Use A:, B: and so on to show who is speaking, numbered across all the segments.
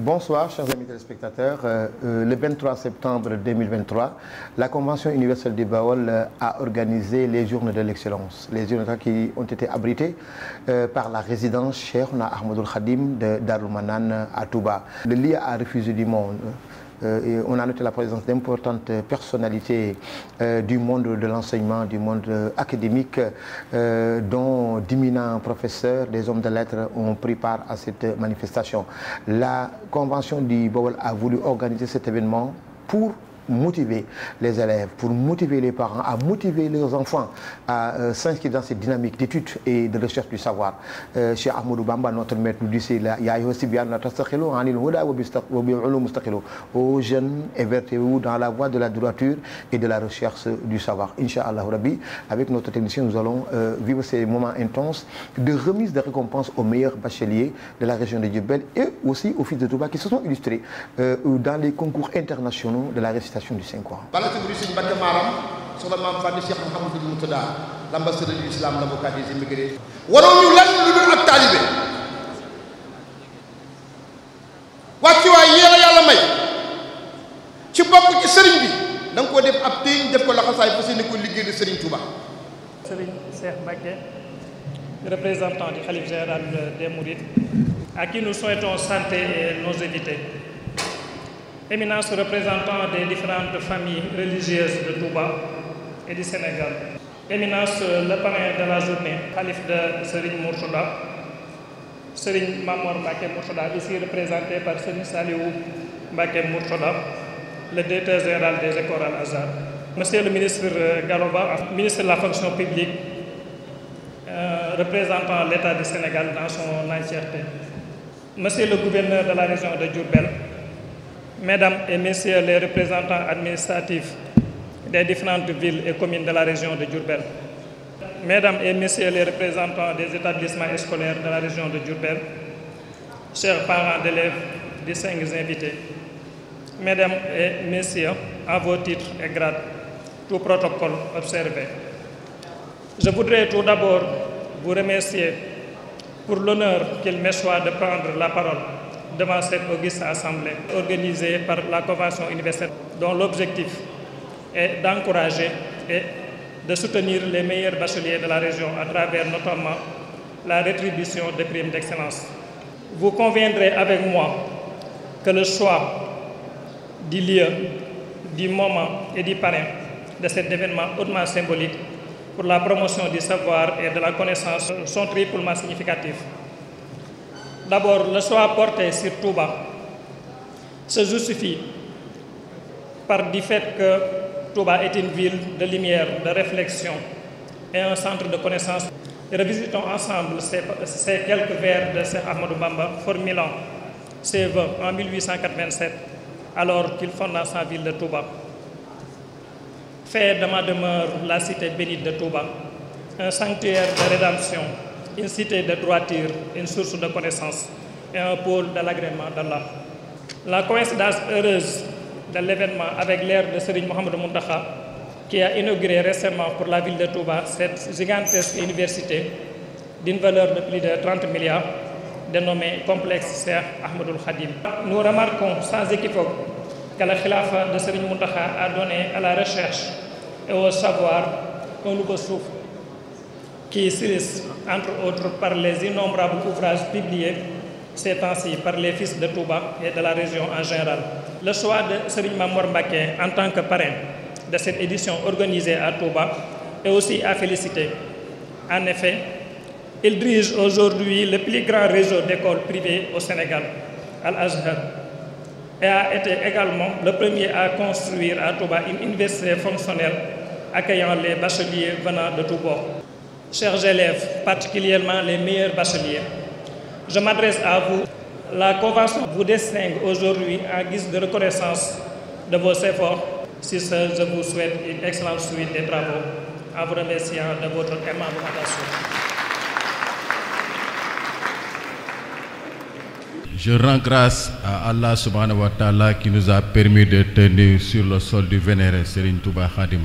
A: Bonsoir, chers amis téléspectateurs. Euh, euh, le 23 septembre 2023, la Convention universelle du Baol euh, a organisé les journées de l'excellence. Les journées qui ont été euh, par la résidence Cheikh Ahmadoul Khadim de Darul Manan à Touba. Le lieu a refusé du Euh, on a noté la présence d'importantes personnalités euh, du monde de l'enseignement, du monde euh, académique, euh, dont d'éminents professeurs, des hommes de lettres ont pris part à cette manifestation. La convention du Bowel a voulu organiser cet événement pour motiver les élèves, pour motiver les parents, à motiver leurs enfants à euh, s'inscrire dans cette dynamique d'études et de recherche du savoir. Euh, chez Ahmadou Bamba, notre maître nous dit c'est là, aux jeunes, évertez-vous dans la voie de la droiture et de la recherche du savoir. Inch'Allah Rabbi, avec notre technicien, nous allons euh, vivre ces moments intenses de remise de récompenses aux meilleurs bacheliers de la région de Djebel et aussi aux fils de Touba qui se sont illustrés euh, dans les concours internationaux de la récitation manifestation du Saint-Coran. bala ci guddi suñu Mbacké Maram soxna maam Fadi Cheikh Mouhamadou Mourtada l'ambassadeur de l'islam l'avocat des immigrés. waroon ñu lan lu dul ak taalibe wàccuwaay yéen a yàlla may ci bopp ci sëriñ bi da koo def ab téye def ko laxasaay fas yéene ko liggéey de sëriñ
B: Touba. sëriñ Cheikh Mbacké représentant du khalife général des Mourides. à qui nous souhaitons santé et éminence représentant des différentes familles religieuses de Touba et du Sénégal. Éminence euh, le parrain de la journée, calife de Serigne Mourchouda, Serigne Mamor Mbake Mourchouda, ici représenté par Serigne Saliou Mbake Mourchouda, le directeur général des écoles Al-Azhar. Monsieur le ministre euh, Galoba, ministre de la fonction publique, euh, représentant l'État du Sénégal dans son entièreté. Monsieur le gouverneur de la région de Diourbel, Mesdames et Messieurs les représentants administratifs des différentes villes et communes de la région de Diourbel, Mesdames et Messieurs les représentants des établissements scolaires de la région de Diourbel, chers parents d'élèves, distingués invités, Mesdames et Messieurs, à vos titres et grades, tout protocole observé. Je voudrais tout d'abord vous remercier pour l'honneur qu'il m'échoit de prendre la parole devant cette auguste assemblée organisée par la Convention universelle dont l'objectif est d'encourager et de soutenir les meilleurs bacheliers de la région à travers notamment la rétribution des primes d'excellence. Vous conviendrez avec moi que le choix du lieu, du moment et du parrain de cet événement hautement symbolique pour la promotion du savoir et de la connaissance sont triplement significatifs. D'abord, le choix porté sur Touba se justifie par du fait que Touba est une de lumière, de réflexion et centre de connaissance. Revisitons ensemble ces, ces quelques vers de Cheikh Ahmadou Bamba formulant en 1887 alors qu'il fonda sa ville de Touba. Fais de ma demeure la cité bénite de Touba, un sanctuaire de une cité de droiture, une source de connaissances et un pôle de l'agrément d'Allah. La coïncidence heureuse de l'événement avec l'ère de Serigne Mohamed Mountakha, qui a inauguré récemment pour la ville de Touba cette gigantesque université d'une valeur de plus de 30 milliards, dénommée Complexe Cheikh Ahmadoul Khadim. Nous remarquons sans équivoque que la khilafa de Serigne Mountakha a donné à la recherche et au savoir un nouveau souffle qui s'illustre entre autres par les innombrables ouvrages publiés ces temps-ci par les fils de Touba et de la région en général. Le choix de Serigne Mamor en tant que parrain de cette édition organisée à Touba est aussi à féliciter. En effet, il dirige aujourd'hui le plus grand réseau d'écoles privées au Sénégal, Al-Azhar, et a été également le premier à construire à Touba une université fonctionnelle accueillant les bacheliers venant de tout chers élèves, particulièrement les meilleurs bacheliers, je m'adresse à vous. La Convention vous distingue aujourd'hui en guise de reconnaissance de vos efforts. Sur ce, je vous souhaite une excellente suite des travaux en vous remerciant de votre aimable
C: Je rends à Allah subhanahu wa qui nous a permis de tenir sur le sol du vénéré Serigne Touba Khadim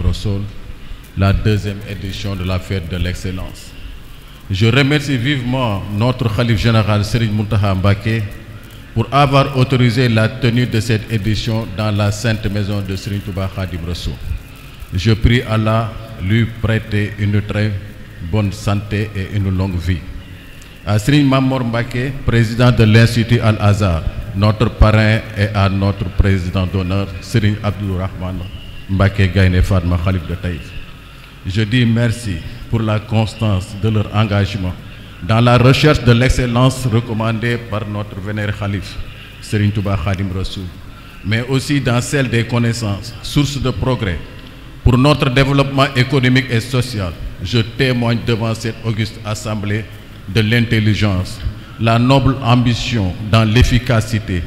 C: la deuxième édition de la fête de l'excellence. Je remercie vivement notre Khalif général Serigne Mountakha Mbacké pour avoir autorisé la tenue de cette édition dans la sainte maison de Serigne Touba Khadim Rassoul. Je prie Allah lui prêter une très bonne santé et une longue vie. À Serigne Mamor Mbacké, président de l'Institut Al-Azhar, notre parrain et à notre président d'honneur Serigne Abdourahmane Mbacké Gaïndé Fatma Khalif de Taïf. je dis merci pour la constance de leur engagement dans la recherche de l'excellence recommandée par notre vénéré khalife Serigne Touba Khadim Rassoul mais aussi dans celle des connaissances source de progrès pour notre développement économique et social je témoigne devant cette auguste assemblée de l'intelligence la noble ambition dans l'efficacité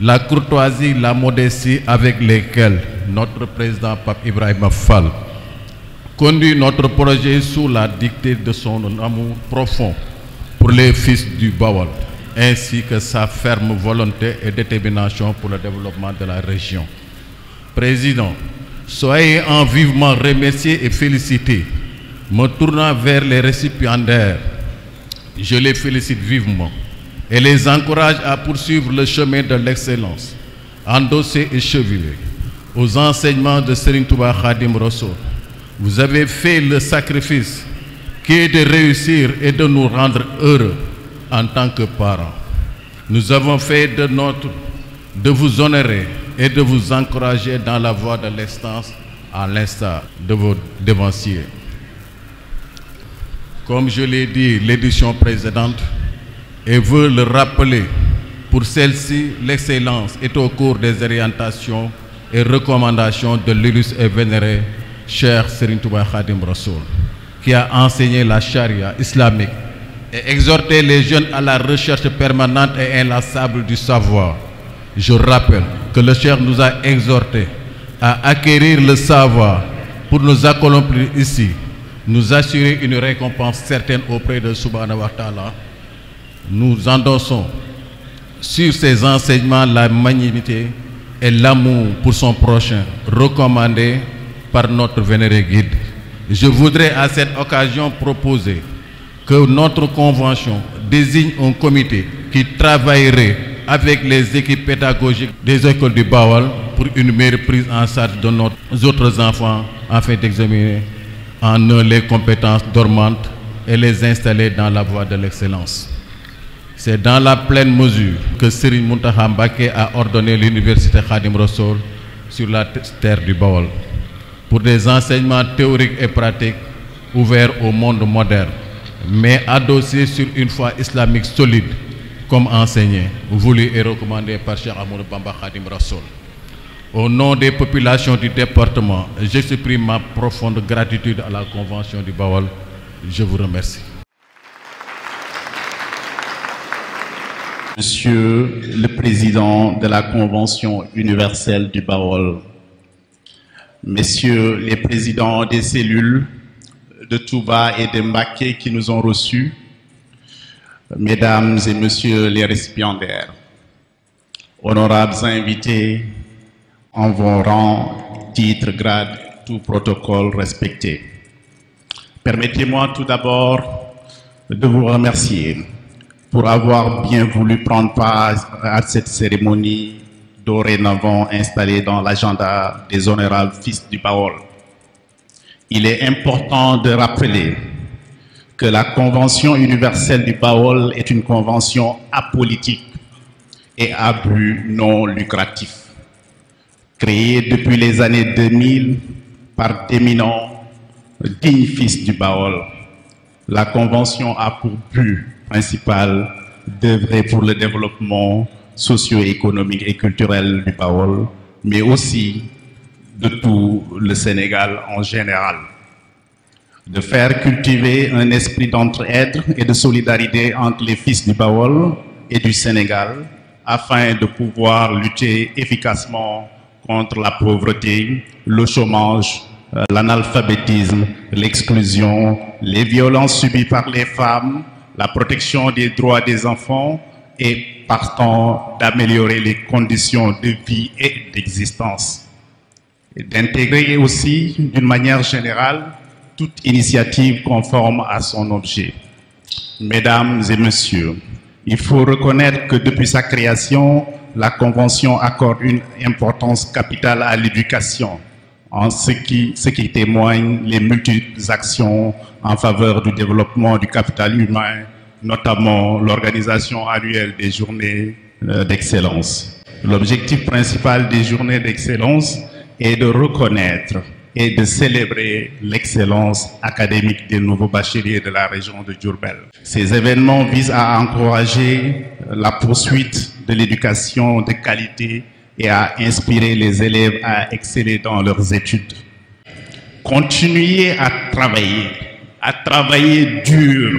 C: la courtoisie la modestie avec lesquelles notre président Pape Ibrahima Fall conduit notre projet sous la dictée de son amour profond pour les fils du Bawol, ainsi que sa ferme volonté et détermination pour le développement de la région. Président, soyez en vivement remercié et félicité. Me tournant vers les récipiendaires, je les félicite vivement et les encourage à poursuivre le chemin de l'excellence, endossé et chevilé aux enseignements de Serigne Touba Khadim Rassoul. Vous avez fait le sacrifice qui est de réussir et de nous rendre heureux en tant que parents. Nous avons fait de notre de vous honorer et de vous encourager dans la voie de l'existence à l'instar de vos devanciers. Comme je l'ai dit, l'édition précédente, et veut le rappeler, pour celle-ci, l'excellence est au cours des orientations et recommandations de l'illustre et vénéré Cheikh Serigne Touba Khadim Rassoul, qui a enseigné la charia islamique et exhorté les jeunes à la recherche permanente et inlassable du savoir. Je rappelle que le Cheikh nous a exhortés à acquérir le savoir pour nous accomplir ici, nous assurer une récompense certaine auprès de Subhanahu wa Ta'ala. Nous endossons sur ces enseignements la magnanimité et l'amour pour son prochain, recommandé par notre vénéré guide. Je voudrais à cette occasion proposer que notre convention désigne un comité qui travaillerait avec les équipes pédagogiques des écoles du Bawal pour une maire prise en charge de nos autres enfants afin d'examiner en eux les compétences dormantes et les installer dans la voie de l'excellence. C'est dans la pleine mesure que Serigne Mountakha Mbacké a ordonné l'université Khadim Rassoul sur la terre du Bawal. pour des enseignements théoriques et pratiques ouverts au monde moderne, mais adossés sur une fois islamique solide, comme enseigné, voulu et recommandé par Cheikh Amadou Bamba Khadim Rassoul. Au nom des populations du département, j'exprime ma profonde gratitude à la Convention du Bawal. Je vous remercie.
D: Monsieur le Président de la Convention universelle du Bawol, messieurs les présidents des cellules de Touba et de Mbacké qui nous ont reçus, mesdames et messieurs les récipiendaires, honorables invités en vos rangs, titres, grades, tout protocole respecté. Permettez-moi tout d'abord de vous remercier pour avoir bien voulu prendre part à cette cérémonie dorénavant installé dans l'agenda des honorables fils du Baol. Il est important de rappeler que la Convention universelle du Baol est une convention apolitique et à but non lucratif, créée depuis les années 2000 par d'éminents dignes fils du Baol. La Convention a pour but principal d'œuvrer pour le développement socio-économique et culturel du Baol, mais aussi de tout le Sénégal en général. De faire cultiver un esprit d'entraide et de solidarité entre les fils du Baol et du Sénégal afin de pouvoir lutter efficacement contre la pauvreté, le chômage, euh, l'analphabétisme, l'exclusion, les violences subies par les femmes, la protection des droits des enfants et partant d'améliorer les conditions de vie et d'existence, et d'intégrer aussi, d'une manière générale, toute initiative conforme à son objet. Mesdames et messieurs, il faut reconnaître que depuis sa création, la Convention accorde une importance capitale à l'éducation, en ce qui, ce qui témoigne les multiples actions en faveur du développement du capital humain notamment l'organisation annuelle des journées euh, d'excellence. L'objectif principal des journées d'excellence est de reconnaître et de célébrer l'excellence académique des nouveaux bacheliers de la région de Diourbel. Ces événements visent à encourager euh, la poursuite de l'éducation de qualité et à inspirer les élèves à exceller dans leurs études. Continuez à travailler, à travailler dur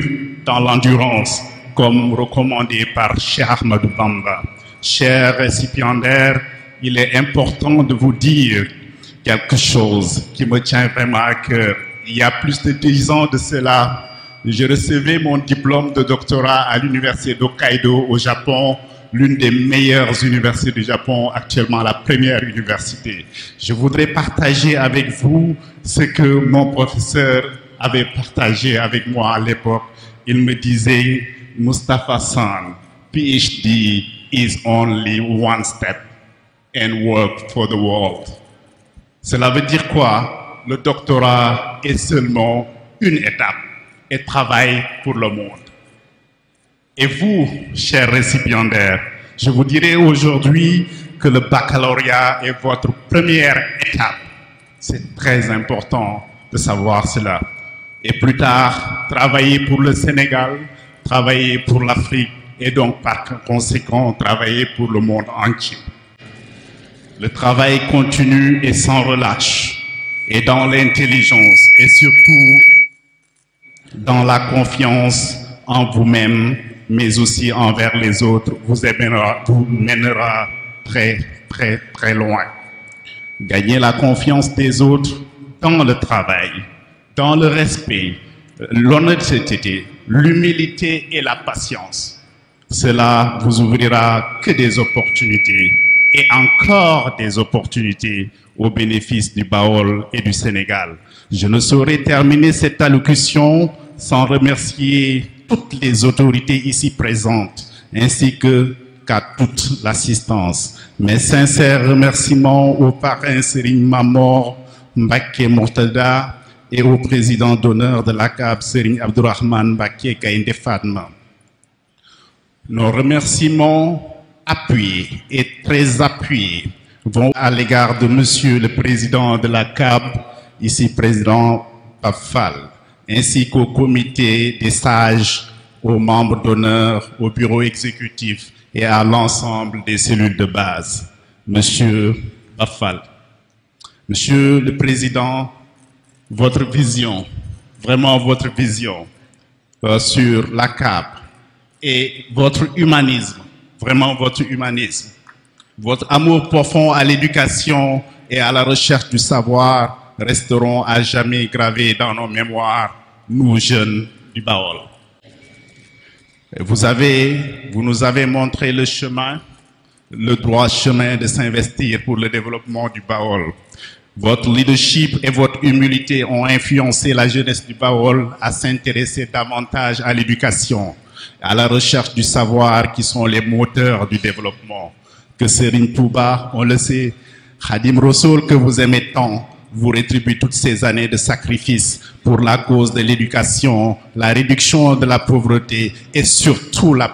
D: dans l'endurance, comme recommandé par Cheikh Ahmadou Bamba. Chers récipiendaires, il est important de vous dire quelque chose qui me tient vraiment à cœur. Il y a plus de dix ans de cela, je recevais mon diplôme de doctorat à l'université d'Hokkaido au Japon, l'une des meilleures universités du Japon, actuellement la première université. Je voudrais partager avec vous ce que mon professeur avait partagé avec moi à l'époque il me disait Mustafa San, PhD is only one step and work for the world. Cela veut dire quoi? Le doctorat est seulement une étape et travaille pour le monde. Et vous, chers récipiendaires, je vous dirai aujourd'hui que le baccalauréat est votre première étape. C'est très important de savoir cela. et plus tard travailler pour le Sénégal, travailler pour l'Afrique et donc par conséquent travailler pour le monde entier. Le travail continue et sans relâche, et dans l'intelligence et surtout dans la confiance en vous-même, mais aussi envers les autres, vous mènera, très, très loin. Gagnez la confiance des autres dans le travail dans le respect, l'honnêteté, l'humilité et la patience. Cela vous ouvrira que des opportunités et encore des opportunités au bénéfice du Baol et du Sénégal. Je ne saurais terminer cette allocution sans remercier toutes les autorités ici présentes, ainsi que qu'à toute l'assistance. Mes sincères remerciements au parrain Serigne Mamor Mbacké Mortada et au président d'honneur de l'ACAB, Serigne Abdourahman Baké Kaïnde Fatma. Nos remerciements appuyés et très appuyés vont à l'égard de Monsieur le Président de la CAB, ici Président Pafal, ainsi qu'au comité des sages, aux membres d'honneur, au bureau exécutif et à l'ensemble des cellules de base. Monsieur Pafal, Monsieur le Président votre vision, vraiment votre vision euh, sur la CAP et votre humanisme, vraiment votre humanisme, votre amour profond à l'éducation et à la recherche du savoir resteront à jamais gravés dans nos mémoires, nous jeunes du Baol. Vous avez, vous nous avez montré le chemin, le droit chemin de s'investir pour le développement du Baol. Votre leadership et votre humilité ont influencé la jeunesse du Baol à s'intéresser davantage à l'éducation, à la recherche du savoir qui sont les moteurs du développement. Que Serigne Touba, on le sait, Khadim Rassoul que vous aimez tant, vous rétribue toutes ces années de sacrifice pour la cause de l'éducation, la réduction de la pauvreté et surtout la,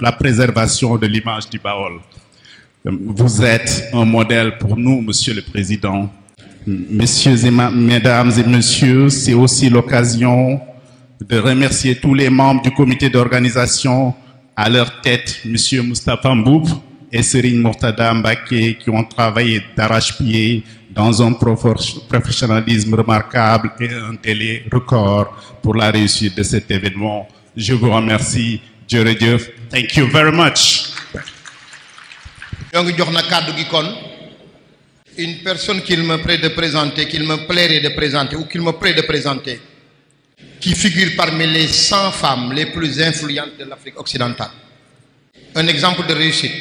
D: la préservation de l'image du Baol. Vous êtes un modèle pour nous, Monsieur le Président. Messieurs et mesdames et messieurs, c'est aussi l'occasion de remercier tous les membres du comité d'organisation, à leur tête Monsieur Moustapha Mboup et Serigne Mourtada Mbacké qui ont travaillé d'arrache-pied dans un professionnalisme remarquable et un délai pour la réussite de cet événement. Je vous remercie. jërëjëf. Thank you very much.
A: une personne qu'il me plaît de présenter, qu'il me plairait de présenter ou qu'il me plaît de présenter, qui figure parmi les 100 femmes les plus influentes de l'Afrique occidentale. Un exemple de réussite,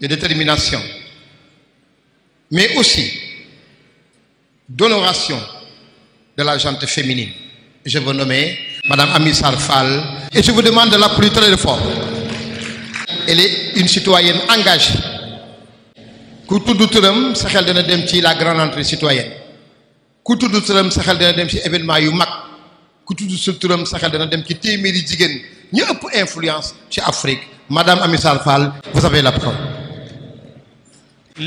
A: de détermination, mais aussi d'honoration de la gente féminine. Je veux nommer Madame Ami Sarfal et je vous demande de l'applaudir très fort. Elle est une citoyenne engagée ku tudd turam sa xel dana dem ci la grande entrée citoyenne ku tudd turam sa xel dana dem ci événement yu mag ku tudd sa turam sa xel dana dem ci téeméeri jigéen ñu ëpp influence ci Afrique madame Amy Sall Fall la parole.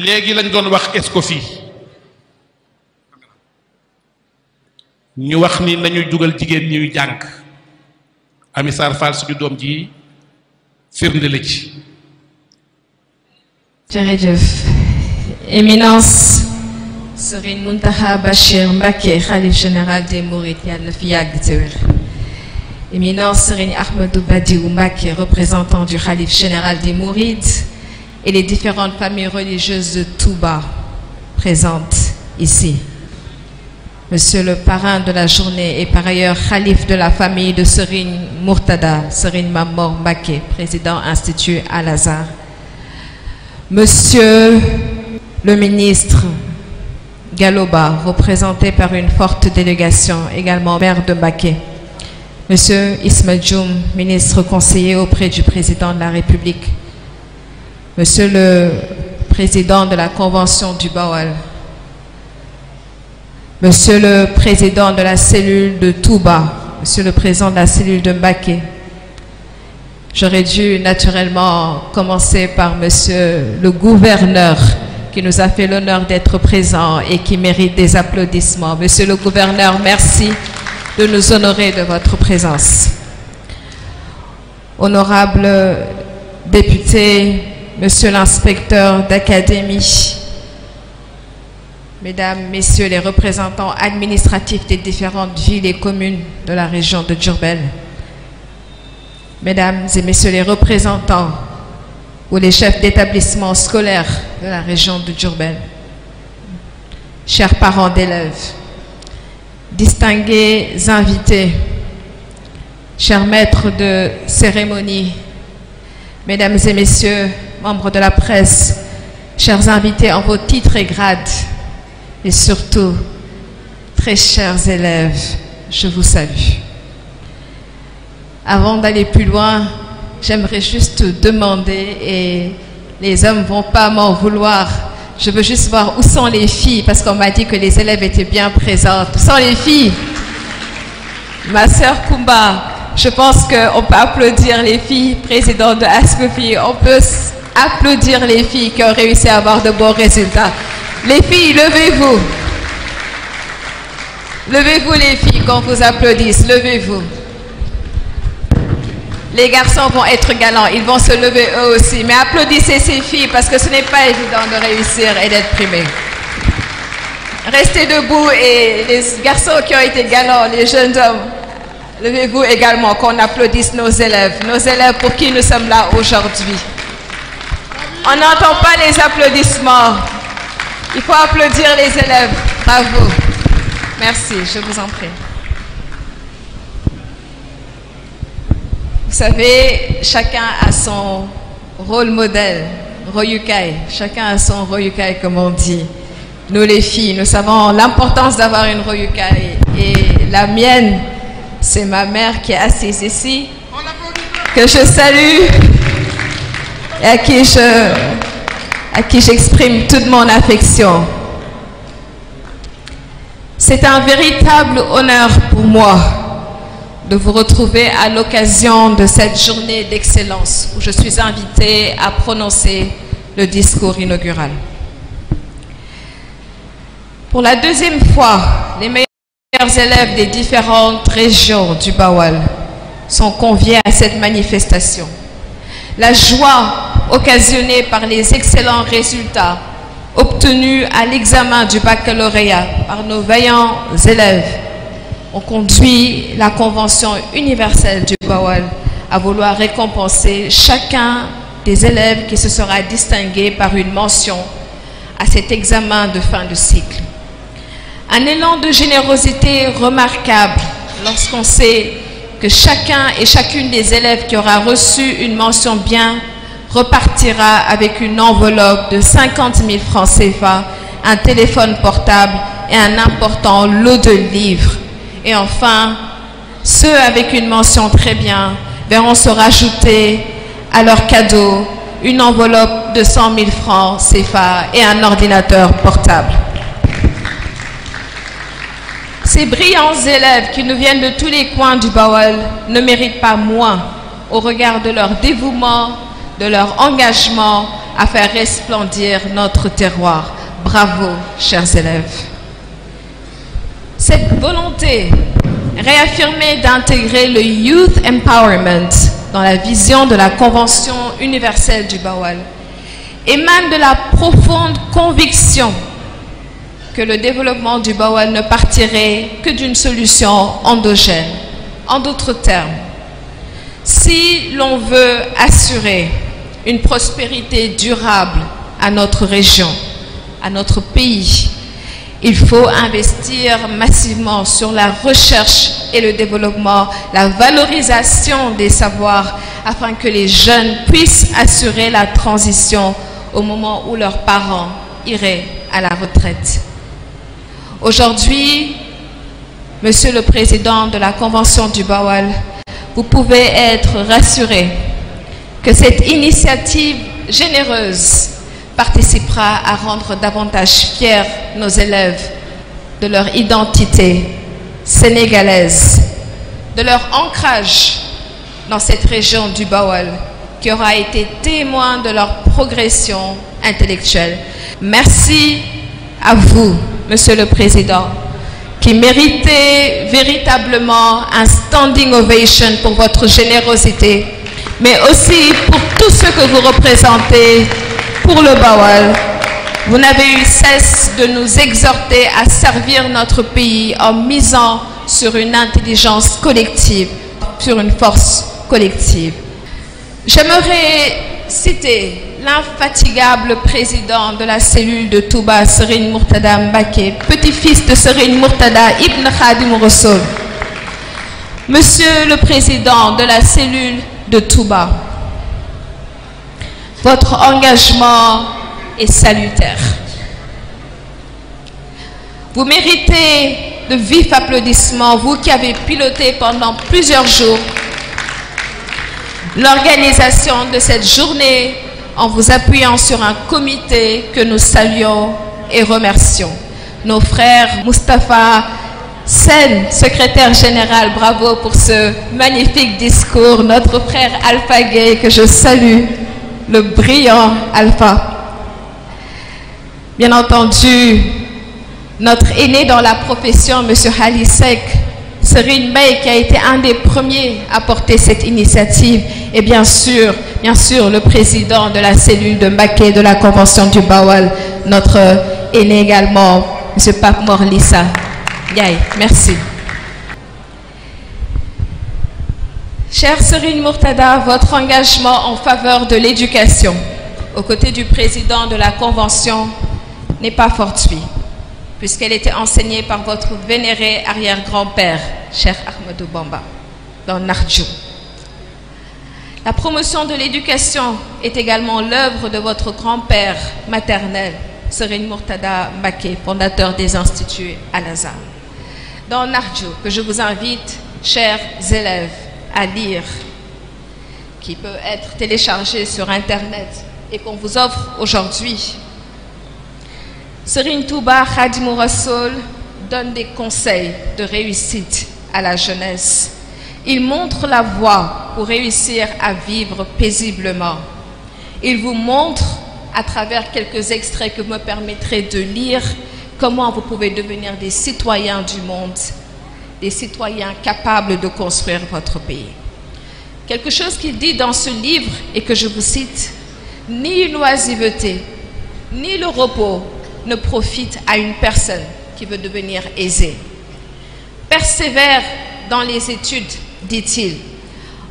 A: léegi lañ doon wax
D: Escoffier ñu wax ni nañu dugal jigéen ñuy jàng Amy Sall suñu doom ji firnde la ci.
E: éminence Serigne Mountakha Bachir Mbacké yàgg te wér éminence Serigne Ahmadou Badiou Mbacké représentant du xalif général des Mourides et les différentes familles religieuses de Touba présentes ici Monsieur le parrain de la journée et par ailleurs khalife de la famille de Serigne Mourtada, Serigne Mamor Mbacké, président Institut Al-Azhar. Monsieur le ministre Galoba, représenté par une forte délégation, également maire de Mbacké. Monsieur ministre conseiller président de la le président de la Convention du Baol. Monsieur le président de la cellule de Touba, monsieur le président de la cellule de Mbacké. J'aurais dû naturellement commencer par monsieur le gouverneur qui nous a fait l'honneur d'être présent et qui mérite des applaudissements. Monsieur le gouverneur, merci de nous honorer de votre présence. Honorable député, monsieur l'inspecteur d'académie, mesdames, messieurs les représentants administratifs des différentes villes et communes de la région de Diourbel, mesdames et messieurs les représentants ou les chefs d'établissement scolaire de la région de Diourbel. Chers parents d'élèves, distingués invités, chers maîtres de cérémonie, mesdames et messieurs, membres de la presse, chers invités en vos titres et grades, et surtout, très chers élèves, je vous salue. Avant d'aller plus loin, J'aimerais juste demander, et les hommes vont pas m'en vouloir, je veux juste voir où sont les filles, parce qu'on m'a dit que les élèves étaient bien présentes. Où sont les filles? Ma sœur Koumba, je pense qu'on peut applaudir les filles, présidente de ASCOFI, on peut applaudir les filles qui ont réussi à avoir de bons résultats. Les filles, levez-vous. Levez-vous les filles, qu'on vous applaudisse, levez-vous. Les garçons vont être galants, ils vont se lever eux aussi. Mais applaudissez ces filles parce que ce n'est pas évident de réussir et d'être primé. Restez debout et les garçons qui ont été galants, les jeunes hommes, levez-vous également, qu'on applaudisse nos élèves, nos élèves pour qui nous sommes là aujourd'hui. On n'entend pas les applaudissements. Il faut applaudir les élèves. Bravo. je vous en prie. Vous savez, chacun a son rôle modèle, royukai. Chacun a son royukai, comme on dit. Nous, les filles, nous savons l'importance d'avoir une royukai. Et la mienne, c'est ma mère qui est assise ici, que je salue et à qui j'exprime toute mon affection. C'est un véritable honneur pour moi de vous retrouver à l'occasion de cette journée d'excellence où je suis invitée à prononcer le discours inaugural. Pour la deuxième fois, les meilleurs élèves des différentes régions du Bawal sont conviés à cette manifestation. La joie occasionnée par les excellents résultats obtenus à l'examen du baccalauréat par nos vaillants élèves on conduit la Convention universelle du Bawal à vouloir récompenser chacun des élèves qui se sera distingué par une mention à cet examen de fin de cycle. Un élan de générosité remarquable lorsqu'on sait que chacun et chacune des élèves qui aura reçu une mention bien repartira avec une enveloppe de 50 000 francs CFA, un téléphone portable et un important lot de livres Et enfin, ceux avec une mention très bien verront se rajouter à leur cadeau une enveloppe de francs CFA et un ordinateur portable. Ces brillants élèves qui nous viennent de tous les coins du Bawol ne méritent pas moins au regard de leur dévouement, de leur engagement à faire resplendir notre terroir. Bravo, chers élèves. cette volonté réaffirmée d'intégrer le youth empowerment dans la vision de la Convention universelle du Bawal émane de la profonde conviction que le développement du Bawal ne partirait que d'une solution endogène. En d'autres termes, si l'on veut assurer une prospérité durable à notre région, à notre pays, Il faut investir massivement sur la recherche et le développement, la valorisation des savoirs, afin que les jeunes puissent assurer la transition au moment où leurs parents iraient à la retraite. Aujourd'hui, Monsieur le Président de la Convention du Bawal, vous pouvez être rassuré que cette initiative généreuse participera à rendre davantage fiers nos élèves de leur identité sénégalaise, de leur ancrage dans cette région du Baol qui aura été témoin de leur progression intellectuelle. Merci à vous, Monsieur le Président, qui méritez véritablement un standing ovation pour votre générosité, mais aussi pour tout ce que vous représentez pour le Bawal. Vous n'avez eu cesse de nous exhorter à servir notre pays en misant sur une intelligence collective, sur une force collective. J'aimerais citer l'infatigable président de la cellule de Touba, Serigne Mourtada Mbacké, petit-fils de Serigne Mourtada Ibn Khadim Rassoul. Monsieur le président de la cellule de Touba, Votre engagement est salutaire. Vous méritez de vifs applaudissements, vous qui avez piloté pendant plusieurs jours l'organisation de cette journée en vous appuyant sur un comité que nous saluons et remercions. Nos frères Mustapha Sen, secrétaire général, bravo pour ce magnifique discours. Notre frère Alpha que je salue, le brillant Alpha. Bien entendu, notre aîné dans la profession, M. Halisek, Serine May, qui a été un des premiers à porter cette initiative, et bien sûr, le président de la cellule de Maquet de la Convention du Bawal, notre aîné également, M. Pape Morlissa. Yay, merci. Cher Serigne Mourtada, votre engagement en faveur de l'éducation aux côtés du président de la Convention n'est pas fortuit, puisqu'elle était enseignée par votre vénéré arrière-grand-père, cher Ahmadou Bamba, dans Narjou. La promotion de l'éducation est également l'œuvre de votre grand-père maternel, Serigne Mourtada Mbacké, fondateur des instituts Al-Azhar. Dans Narjou, que je vous invite, chers élèves, à lire qui peut être téléchargé sur Internet et qu'on vous offre aujourd'hui. Serigne Touba donne des conseils de réussite à la jeunesse. Il montre la voie pour réussir à vivre paisiblement. Il vous montre, à travers quelques extraits que vous me permettrez de lire, comment vous pouvez devenir des citoyens du monde capables de construire votre pays. Quelque chose qu'il dit dans ce livre et que je vous cite, ni l'oisiveté, ni le repos ne profitent à une personne qui veut devenir aisée. Persévère dans les études, dit-il,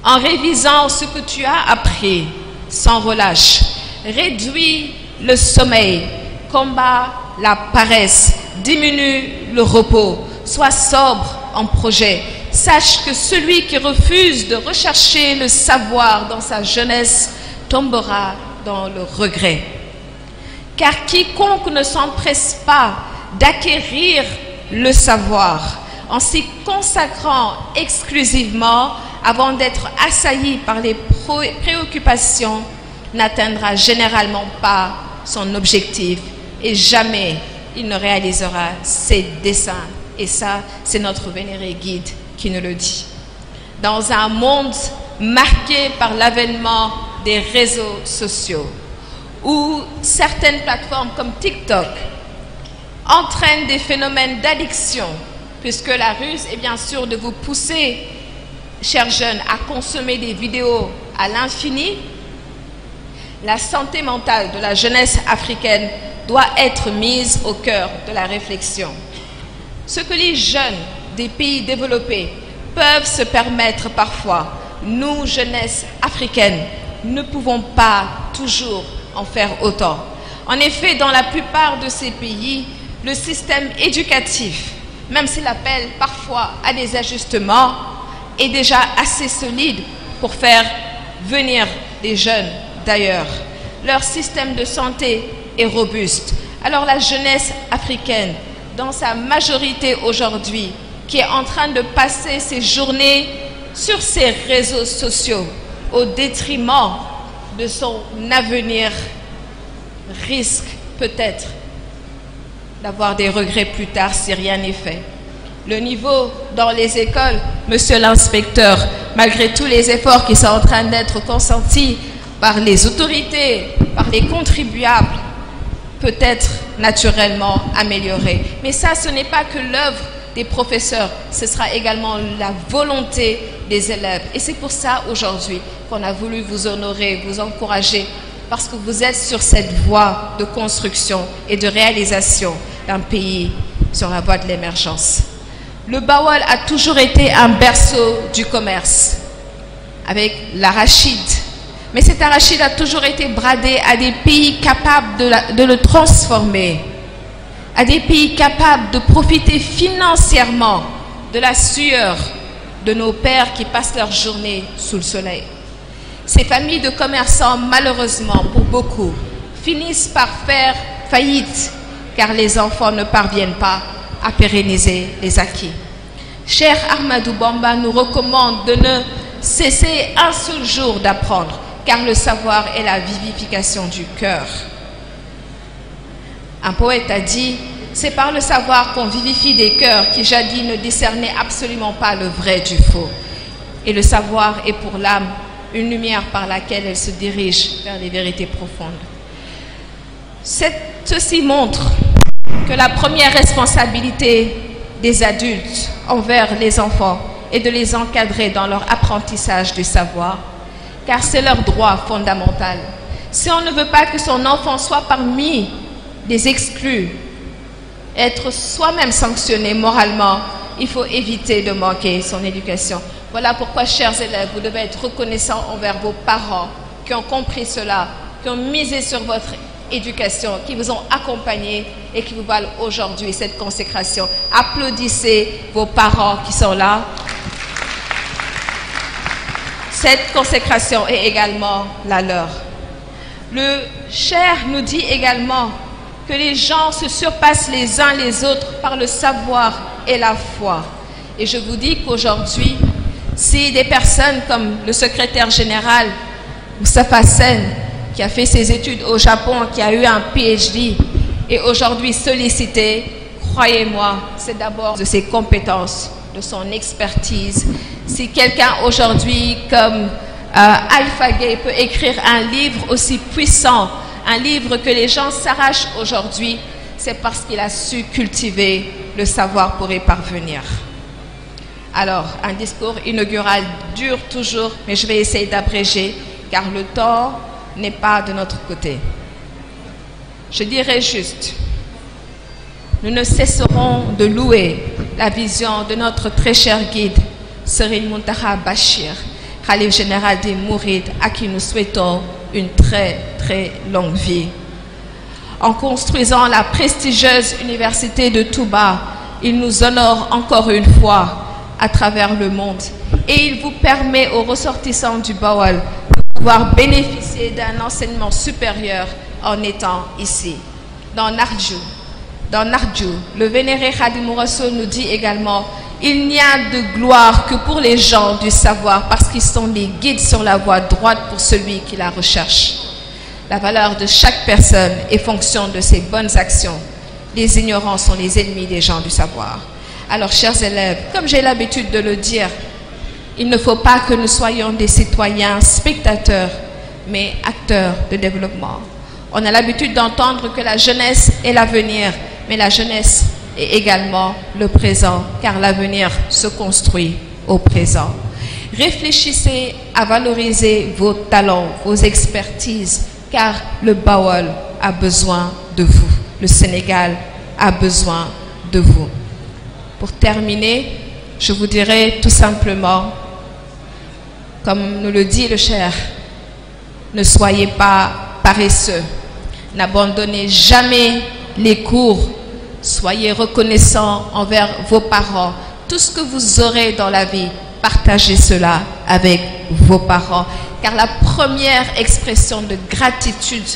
E: en révisant ce que tu as appris sans relâche. Réduis le sommeil, combat la paresse, diminue le repos, Sois sobre en projet. Sache que celui qui refuse de rechercher le savoir dans sa jeunesse tombera dans le regret. Car quiconque ne s'empresse pas d'acquérir le savoir en s'y consacrant exclusivement avant d'être assailli par les préoccupations n'atteindra généralement pas son objectif et jamais il ne réalisera ses desseins ça, c'est notre vénéré guide qui nous le dit. Dans un monde marqué par l'avènement des réseaux sociaux, où certaines plateformes comme TikTok entraînent des phénomènes d'addiction, puisque la ruse est bien sûr de vous pousser, chers jeunes, à consommer des vidéos à l'infini, la santé mentale de la jeunesse africaine doit être mise au cœur de la réflexion. Ce que les jeunes des pays développés peuvent se permettre parfois, nous, jeunesse africaine, ne pouvons pas toujours en faire autant. En effet, dans la plupart de ces pays, le système éducatif, même s'il appelle parfois à des ajustements, est déjà assez solide pour faire venir des jeunes d'ailleurs. Leur système de santé est robuste. Alors la jeunesse africaine dans sa majorité aujourd'hui, qui est en train de passer ses journées sur ses réseaux sociaux au détriment de son avenir, risque peut-être d'avoir des regrets plus tard si rien n'est fait. Le niveau dans les écoles, monsieur l'inspecteur, malgré tous les efforts qui sont en train d'être consentis par les autorités, par les contribuables, peut être naturellement améliorée. Mais ça, ce n'est pas que l'œuvre des professeurs, ce sera également la volonté des élèves. Et c'est pour ça aujourd'hui qu'on a voulu vous honorer, vous encourager, parce que vous êtes sur cette voie de construction et de réalisation d'un pays sur la voie de l'émergence. Le Bawal a toujours été un berceau du commerce, avec l'arachide, Mais cet arachide a toujours été bradé à des pays capables de, la, de le transformer, à des pays capables de profiter financièrement de la sueur de nos pères qui passent leur journée sous le soleil. Ces familles de commerçants, malheureusement, pour beaucoup, finissent par faire faillite car les enfants ne parviennent pas à pérenniser les acquis. Cher Ahmadou Bamba nous recommande de ne cesser un seul jour d'apprendre car le savoir est la vivification du cœur. Un poète a dit, c'est par le savoir qu'on vivifie des cœurs qui jadis ne discernaient absolument pas le vrai du faux. Et le savoir est pour l'âme une lumière par laquelle elle se dirige vers les vérités profondes. ceci montre que la première responsabilité des adultes envers les enfants est de les encadrer dans leur apprentissage du savoir car c'est leur droit fondamental. Si on ne veut pas que son enfant soit parmi des exclus, être soi-même sanctionné moralement, il faut éviter de manquer son éducation. Voilà pourquoi, chers élèves, vous devez être reconnaissants envers vos parents qui ont compris cela, qui ont misé sur votre éducation, qui vous ont accompagné et qui vous valent aujourd'hui cette consécration. Applaudissez vos parents qui sont là. Cette consécration est également la leur. Le cher nous dit également que les gens se surpassent les uns les autres par le savoir et la foi. Et je vous dis qu'aujourd'hui, si des personnes comme le secrétaire général Moustapha Sen, qui a fait ses études au Japon, qui a eu un PhD, est aujourd'hui sollicité, croyez-moi, c'est d'abord de ses compétences de son expertise. Si quelqu'un aujourd'hui comme euh, Alpha Gay peut écrire un livre aussi puissant, un livre que les gens s'arrachent aujourd'hui, c'est parce qu'il a su cultiver le savoir pour y parvenir. Alors, un discours inaugural dure toujours, mais je vais essayer d'abréger, car le temps n'est pas de notre côté. Je dirais juste, nous ne cesserons de louer la vision de notre très cher guide, Serine Muntaha Bachir, Khalif général des Mourides, à qui nous souhaitons une très, très longue vie. En construisant la prestigieuse université de Touba, il nous honore encore une fois à travers le monde et il vous permet aux ressortissants du Bawal de pouvoir bénéficier d'un enseignement supérieur en étant ici, dans dans Nardjou, le vénéré Khadim nous dit également il n'y a de gloire que pour les gens du savoir parce qu'ils sont les guides sur la voie droite pour celui qui la recherche. La valeur de chaque personne est fonction de ses bonnes actions. Les ignorants sont les ennemis des gens du savoir. Alors, chers élèves, comme j'ai l'habitude de le dire, il ne faut pas que nous soyons des citoyens spectateurs, mais acteurs de développement. On a l'habitude d'entendre mais la jeunesse est également le présent, car l'avenir se construit au présent. Réfléchissez à valoriser vos talents, vos expertises, car le Baol a besoin de vous. Le Sénégal a besoin de vous. Pour terminer, je vous dirais tout simplement, comme nous le dit le cher, ne soyez pas paresseux, n'abandonnez jamais les cours Soyez reconnaissants envers vos parents. Tout ce que vous aurez dans la vie, partagez cela avec vos parents. Car la première expression de gratitude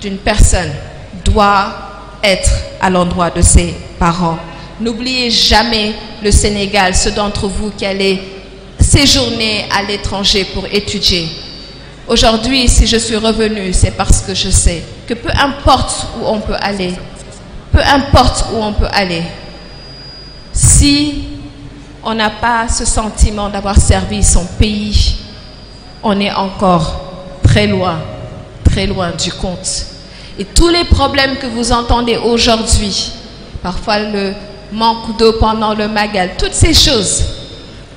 E: d'une personne doit être à l'endroit de ses parents. N'oubliez jamais le Sénégal, ceux d'entre vous qui allez séjourner à l'étranger pour étudier. Aujourd'hui, si je suis revenue, c'est parce que je sais que peu importe où on peut aller, peu importe où on peut aller, si on n'a pas ce sentiment d'avoir servi son pays, on est encore très loin, très loin du compte. Et tous les problèmes que vous entendez aujourd'hui, parfois le manque d'eau pendant le magal, toutes ces choses,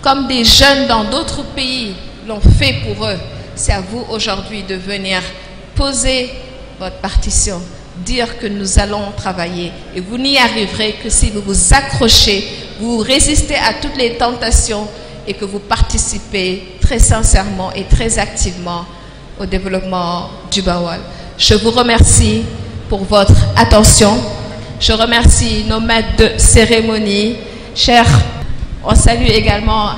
E: comme des jeunes dans d'autres pays l'ont fait pour eux, c'est à vous aujourd'hui de venir poser votre partition dire que nous allons travailler. Et vous n'y arriverez que si vous vous accrochez, vous résistez à toutes les tentations et que vous participez très sincèrement et très activement au développement du Bawal. Je vous remercie pour votre attention. Je remercie nos maîtres de cérémonie. Chers, on salue également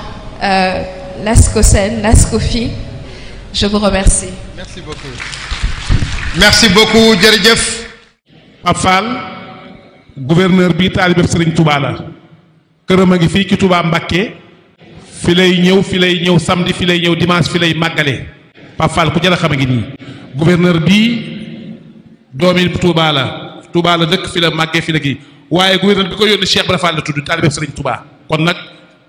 E: euh, l'ASCOSEN, l'ASCOFI. Je vous remercie. Merci
D: beaucoup. Merci beaucoup, Djerjef. Pape Fall gouverneur bi taalibeb Serigne Touba la këram a ngi fii ci Touba mbakke fi lay ñëw fi lay ñëw samedi fi lay ñëw dimanche fi lay màggale Pape ku jara xam a ngi nii gouverneur bi doomi Touba la Touba la dëkk fi la màggee fi la gi waaye gouverneur bi ko yónni Cheikh Bara Fall la tudd taalibeb Serigne Touba kon nag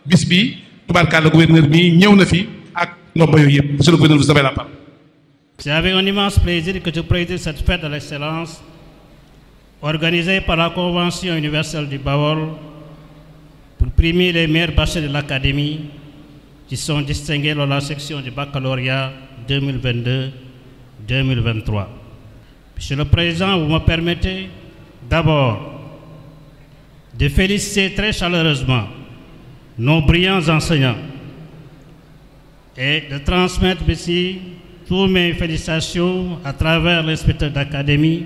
D: bis bi la gouverneur bi ñëw na fi ak ndomba yooyu yëpp monsieur le gouverneur vous avez la parole.
F: C'est avec un organisé par la Convention universelle du Bawol pour primer les meilleurs bacheliers de l'Académie qui sont distingués dans la section du baccalauréat 2022-2023. Monsieur le Président, vous me permettez d'abord de féliciter très chaleureusement nos brillants enseignants et de transmettre ici toutes mes félicitations à travers le l'inspecteur d'académie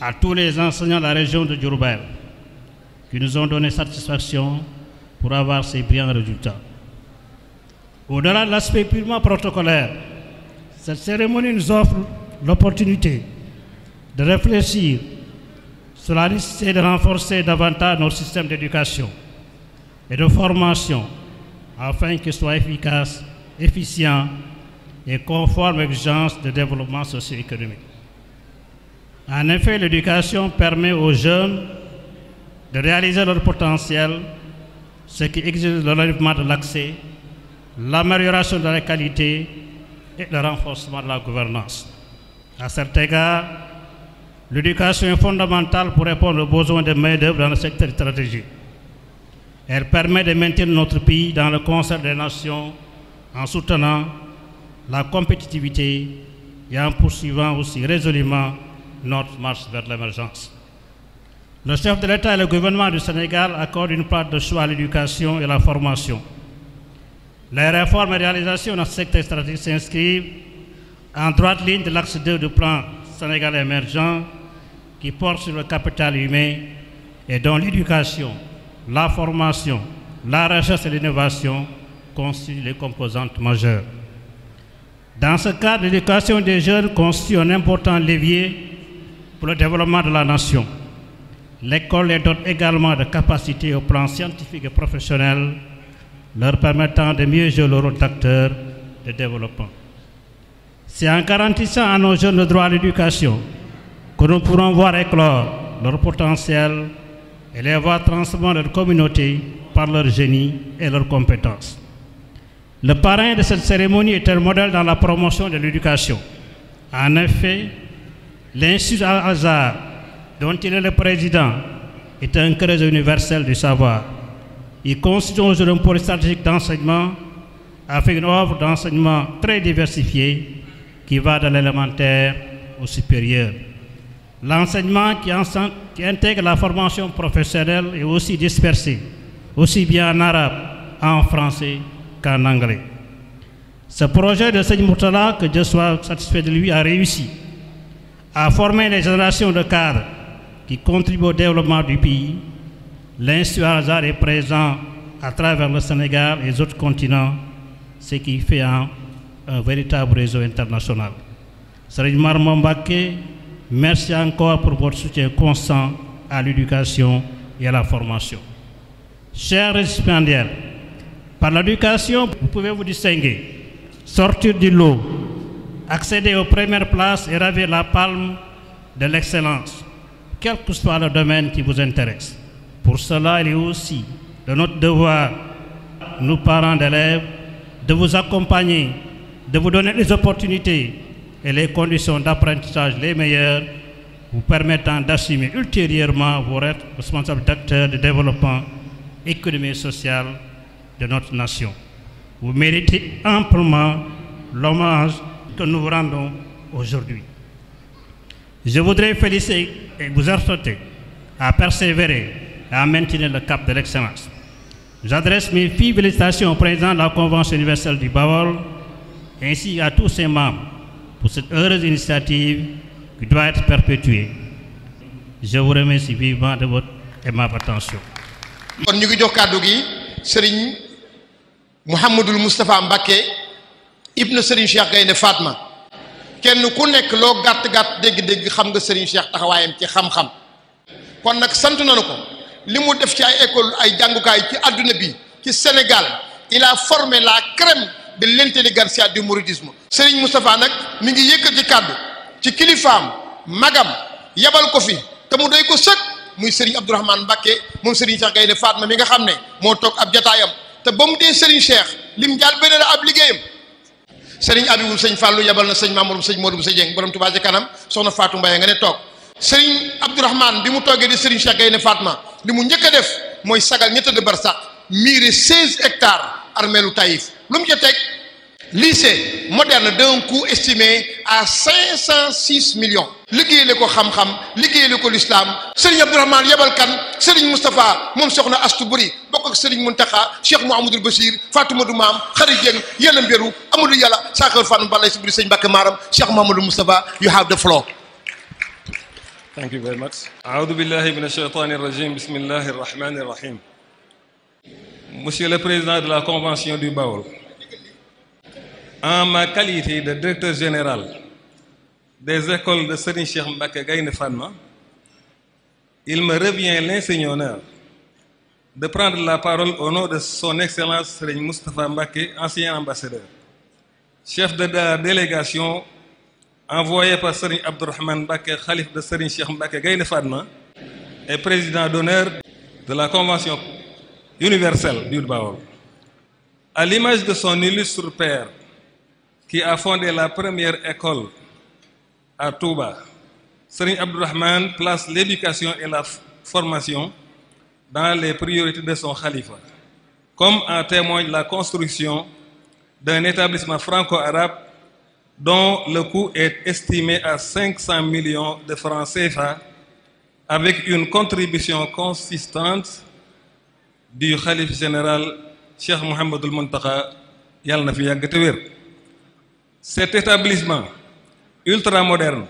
F: à tous les enseignants de la région de Diourbel qui nous ont donné satisfaction pour avoir ces brillants résultats. Au-delà de l'aspect purement protocolaire, cette cérémonie nous offre l'opportunité de réfléchir sur la nécessité de renforcer davantage nos systèmes d'éducation et de formation afin qu'ils soient efficaces, efficients et conformes aux exigences de développement socio-économique. En effet, l'éducation permet aux jeunes de réaliser leur potentiel, ce qui exige le relèvement de l'accès, l'amélioration de la qualité et le renforcement de la gouvernance. À cet égard, l'éducation est fondamentale pour répondre aux besoins de main-d'œuvre dans le secteur stratégique. Elle permet de maintenir notre pays dans le concert des nations en soutenant la compétitivité et en poursuivant aussi résolument notre marche vers l'émergence. Le chef de l'État et le gouvernement du Sénégal accordent une part de choix à l'éducation et la formation. Les réformes et réalisations dans ce secteur stratégique s'inscrivent en droite ligne de l'axe 2 du plan Sénégal émergent qui porte sur le capital humain et dont l'éducation, la formation, la recherche et l'innovation constituent les composantes majeures. Dans ce cadre, l'éducation des jeunes constitue un important levier pour le développement de la nation. L'école les dote également de capacité au plan scientifique et professionnel, leur permettant de mieux jouer le rôle d'acteur de développement. C'est en garantissant à nos jeunes de droit à l'éducation que nous pourrons voir éclore leur potentiel et les voir transformer leur communauté par leur génie et leurs compétence Le parrain de cette cérémonie est un modèle dans la promotion de l'éducation. En effet, L'Institut Al-Azhar, dont il est le président, est un creuset universel du savoir. Il constitue aujourd'hui un pôle stratégique d'enseignement avec une offre d'enseignement très diversifiée qui va de l'élémentaire au supérieur. L'enseignement qui, qui, intègre la formation professionnelle est aussi dispersé, aussi bien en arabe, en français qu'en anglais. Ce projet de Seigneur Moutala, que Dieu soit satisfait de lui, a réussi à former les générations de cadres qui contribuent au développement du pays, l'Institut Al-Azhar est présent à travers le Sénégal et les autres continents, ce qui fait un, un véritable réseau international. Serine Marmombake, merci encore pour votre soutien constant à l'éducation et à la formation. Chers récipiendaires, par l'éducation, vous pouvez vous distinguer, sortir du lot, accéder aux premières places et ravir la palme de l'excellence, quel que soit le domaine qui vous intéresse. Pour cela, il est aussi de notre devoir, nous parents d'élèves, de vous accompagner, de vous donner les opportunités et les conditions d'apprentissage les meilleures, vous permettant d'assumer ultérieurement vos responsables d'acteurs de développement économique et de notre nation. Vous méritez amplement l'hommage que nous vous rendons aujourd'hui. Je voudrais féliciter et vous exhorter à persévérer à maintenir le cap de l'excellence. J'adresse mes félicitations au président la Convention universelle du Bawol ainsi à tous ses membres pour cette heureuse initiative qui doit être perpétuée. Je vous remercie vivement de votre aimable attention.
A: kon ñu ngi jox kàddu gi Serigne Mouhamadul Moustapha ibnu Serigne Cheikh Gaynde Fatma kenn ku nekk loo gàtt gàtt dégg-dégg xam nga Serigne Cheikh taxawaayam ci xam-xam kon nag sant nañu ko li mu def ci ay école ay jàngukaay ci àdduna bi ci Sénégal il a formé la crème de l'intelligentsia du mouridisme Serigne Moustapha nag mi ngi yëkkati kàddu ci kilifaam magam yabal ko fi te mu doy ko sëkk. muy Serigne Abdourahmane Mbacké moom Serigne Cheikh Gaynde Fatma mi nga xam ne moo toog ab jataayam te ba mu dee Serigne Cheikh lim jaal beneen ab liggéeyam sëriñ abibum sëñ fàllu yabal na sëñ mamorum sëñ moodum sëñ jeng borom Touba ca kanam soxna Fatou Mbaye nga ne toog sëriñ abdourahman bi mu toogee di sëriñ Cheikh Gaynde Fatma li mu njëkk a def mooy sagal ñi tëdd barsàq miire 16 ectare armeelu Taïf lu mu ca teg lycée moderne d'un coût estimé à 506 millions liggéeyale ko xam-xam liggéeyale ko l'islam Serigne Abdourahmane Yabal Kane Serigne Moustapha moom soxna Astu Buri bokk ak Serigne Mountakha Cheikh Mouhamadoul Bachir Fatoumata Maam Khary Dieng Yàlla Mbéru Amadou Yàlla Sakar Fane Balay Sibiri Serigne Mbacké Maram Cheikh Mouhamadoul Moustapha you have the floor
G: thank you very much a'udhu billahi minash shaitanir rajim bismillahir rahmanir rahim monsieur le président de la convention du Baol en ma qualité de directeur général des écoles de Serigne Cheikh Mbacké Gaïndé Fatma il me revient l'insigne honneur de prendre la parole au nom de son excellence Serigne Moustapha Mbacké ancien ambassadeur chef de la délégation envoyé par Serigne Abdourahmane Mbacké khalife de Serigne Cheikh Mbacké Gaïndé Fatma et président d'honneur de la convention universelle du Baol à l'image de son illustre père qui a fondé la première école à Touba. Serigne Abdourahmane place l'éducation et la formation dans les priorités de son khalife, comme en témoigne la construction d'un établissement franco-arabe dont le coût est estimé à 500 millions de francs CFA avec une contribution consistante du khalife général Cheikh Mouhamadoul Mountakha yàlla na fi yàgg te wér Cet établissement ultramoderne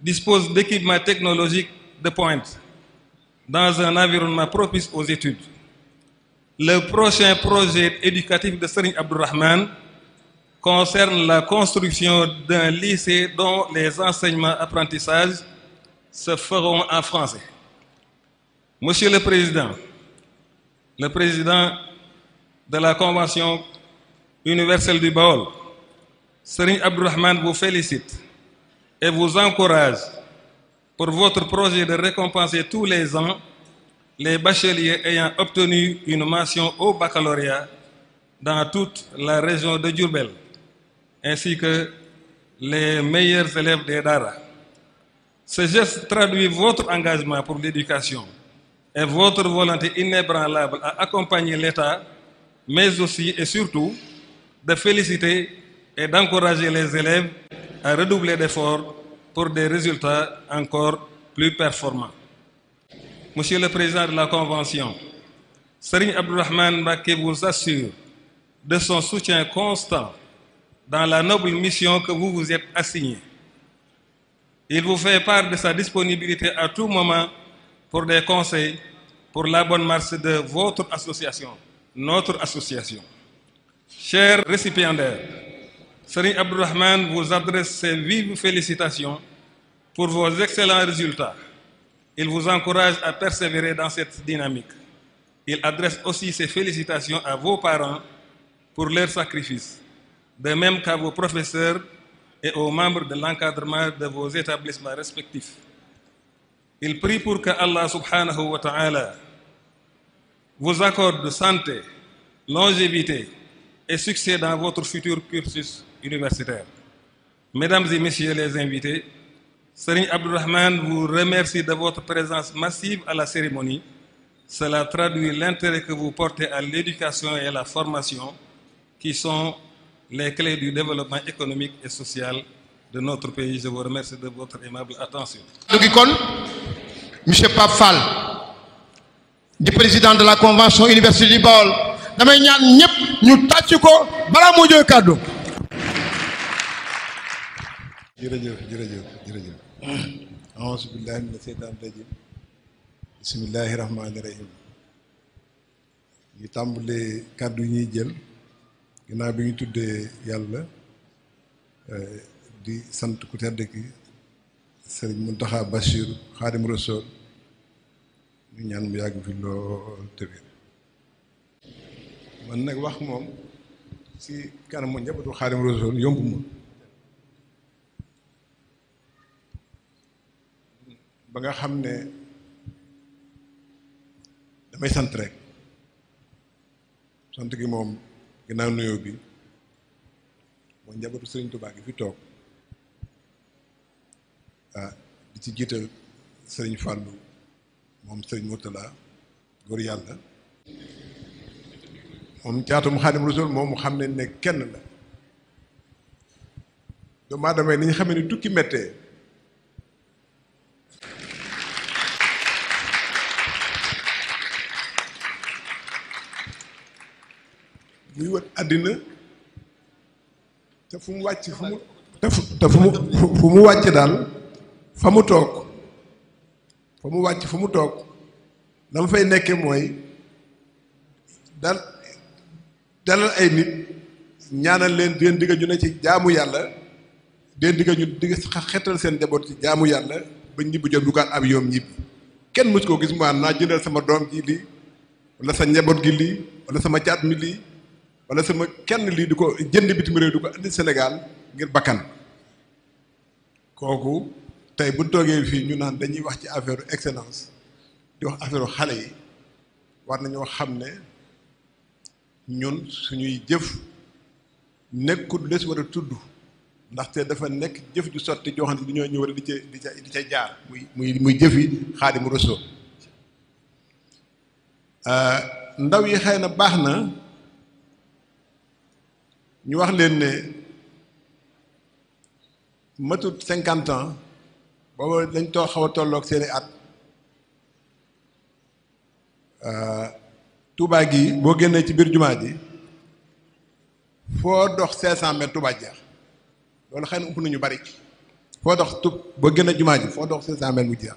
G: dispose d'équipements technologiques de pointe dans un environnement propice aux études. Le prochain projet éducatif de Serigne Abdourahmane concerne la construction d'un lycée dont les enseignements apprentissages se feront en français. Monsieur le Président, le président de la Convention universelle du Baol Serigne Abdourahmane vous félicite et vous encourage pour votre projet de récompenser tous les ans les bacheliers ayant obtenu une mention au baccalauréat dans toute la région de Diourbel, ainsi que les meilleurs élèves des Dara. Ce geste traduit votre engagement pour l'éducation et votre volonté inébranlable à accompagner l'État, mais aussi et surtout de féliciter et d'encourager les élèves à redoubler d'efforts pour des résultats encore plus performants. Monsieur le Président de la Convention, Serigne Abdourahmane Mbacké vous assure de son soutien constant dans la noble mission que vous vous êtes assignée. Il vous fait part de sa disponibilité à tout moment pour des conseils pour la bonne marché de votre association, notre association. Chers récipiendaires, Serigne Abdourahmane vous adresse ses vives félicitations pour vos excellents résultats. Il vous encourage à persévérer dans cette dynamique. Il adresse aussi ses félicitations à vos parents pour leur sacrifice, de même qu'à vos professeurs et aux membres de l'encadrement de vos établissements respectifs. Il prie pour que Allah subhanahu wa ta'ala vous accorde santé, longévité et succès dans votre futur cursus universitaire. Mesdames et messieurs les invités, Serigne Abdourahmane vous remercie de votre présence massive à la cérémonie. Cela traduit l'intérêt que vous portez à l'éducation et à la formation, qui sont les clés du développement économique et social de notre pays. Je vous remercie de votre aimable attention. léegi kon monsieur Pape Fall
A: di président de la convention université du Baol damay ñaan ñëpp ñu tàcc ko balaa moo jooy
H: jërëjëf jërëjëf jërëjëf aouzu billahi mina seytaani rajim bismillahi rahmaani rahim ñu tàmbalee kàddu yi ñuy jël ginnaaw bi ñu tuddee yàlla di sant ku tedd ki sëriñ Muntaxa Bachir Xaadim Rasool ñu ñaan mu yàgg fi lool tamit man nag wax moom si kanamu ñëpp du Xaadim Rasool yomb ma ba xam ne damay sant rek sant gi moom ginnaaw nuyoo bi mooy njabootu Sëriñ Tuubaa gi fi toog ah di ci jiita Sëriñ Fàllu moom Sëriñ Murtala góor yàlla moom caatum Xaadimu Rasuul moom mu xam ne ne kenn la doomu aadama yi ni ñu xamee ni tukki mettee muy wër àddina te fu mu wàcc fu mu te fu mu fu mu wàcc daal fa mu toog fa mu wàcc fu mu toog dama fay nekke mooy dal dalal ay nit ñaanal leen di leen digga ñu ne ci jaamu yàlla di leen digga ñu digg xetal seen jaboot ci jaamu yàlla ba ñibbi jot dugaat ab yoom ñibbi kenn mës koo gis mu naa jëndal sama doom ji lii wala sa njaboot gi lii wala sama caat mi lii wala sama kenn lii di ko jënd bitim réew di ko indi Sénégal ngir bakkan kooku tey bu toogee fii ñu naan dañuy wax ci affaire excellence di wax affaire xale yi war nañoo xam ne ñun suñuy jëf nekkul des war a tudd ndaxte dafa nekk jëf ju sotti joo xam ne dañoo ñëw rek di ca di ca di ca jaar muy muy muy jëf yi Xaadimu Rasuul euh, ndaw yi xëy na baax na. ñu wax leen ne matut cinquante ans booba dañ too xaw a tolloog seeni at euh, Touba gi boo génnee ci biir jumaa ji foo dox cinq cent mètres Touba jeex loolu xëy na ëpp nañu bari foo dox tu boo génnee jumaa ji foo dox cinq cent mètres mu jeex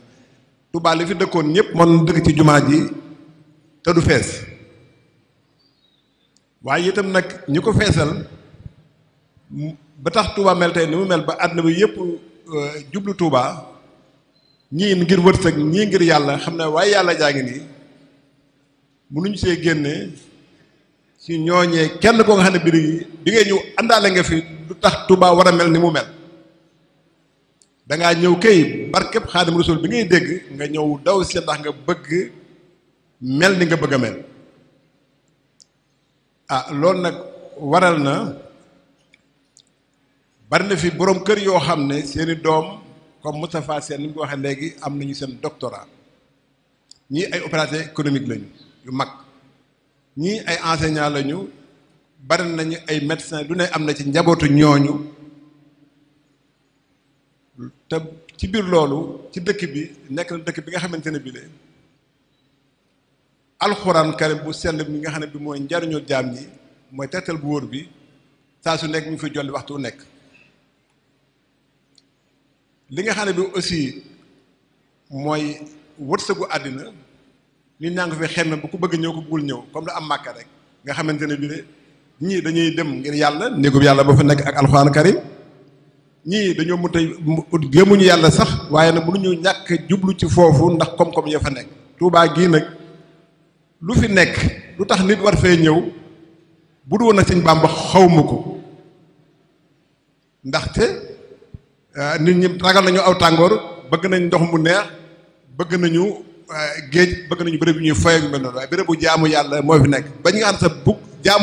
H: Touba li fi dëkkoon ñëpp mën dëkk ci jumaa ji te du fees waaye itam nag ñi ko feesal ba tax Touba mel tey ni mu mel ba àdduna bi yépp euh, jublu Touba ñii ngir wërsëg ñii ngir yàlla xam ne waaye yàlla jaa ngi nii mënuñu see génne ci ñooñee kenn ko nga xam ne biri bi ngay ñëw àndaale nga fi du tax Touba war a mel ni mu mel dangaa ñëw kay barkeb Xaadim Rasul bi ngay dégg nga ñëw daw si ndax nga bëgg mel ni nga bëgg a mel ah loolu nag waral na bari na fi boroom kër yoo xam ne seeni doom comme mu Moustapha seen ni mu ko waxee léegi am nañu seen doctorat ñii ay opérateur économique lañu yu mag ñii ay enseignant lañu bari nañu ay médecin lu ne am na ci njabootu ñooñu te ci biir loolu ci dëkk bi nekk na dëkk bi nga xamante ne bi de alxuraan karim bu sell bi nga xam ne bi mooy njariñu jaam yi mooy tegtal bu wóor bi saa su nekk ñu fi jolli waxtu nekk li nga xam ne bi aussi mooy wërsëgu àddina nit ñaa fi fi na bu ku bëgg ñëw ko bëggul ñëw comme la am màkk rek nga xamante ne bi ne ñii dañuy dem ngir yàlla néegub yàlla ba fa nekk ak alxuraan karim ñii dañoo mën tey yàlla sax waaye nag mënuñu ñàkk jublu ci foofu ndax koom-koom ya fa nekk Tuubaa gii nag lu fi nekk lu tax nit war fee ñëw bu du woon na Sëñ Bàmba xawma ko ndaxte Euh, nit ñi ragal nañu aw tàngoor bëgg nañ ndox mu neex bëgg nañu euh, géej bëgg nañu béréb yu ñuy foy ak mel noonu bu jaamu yàlla moo fi nekk bañ nga xam sa bu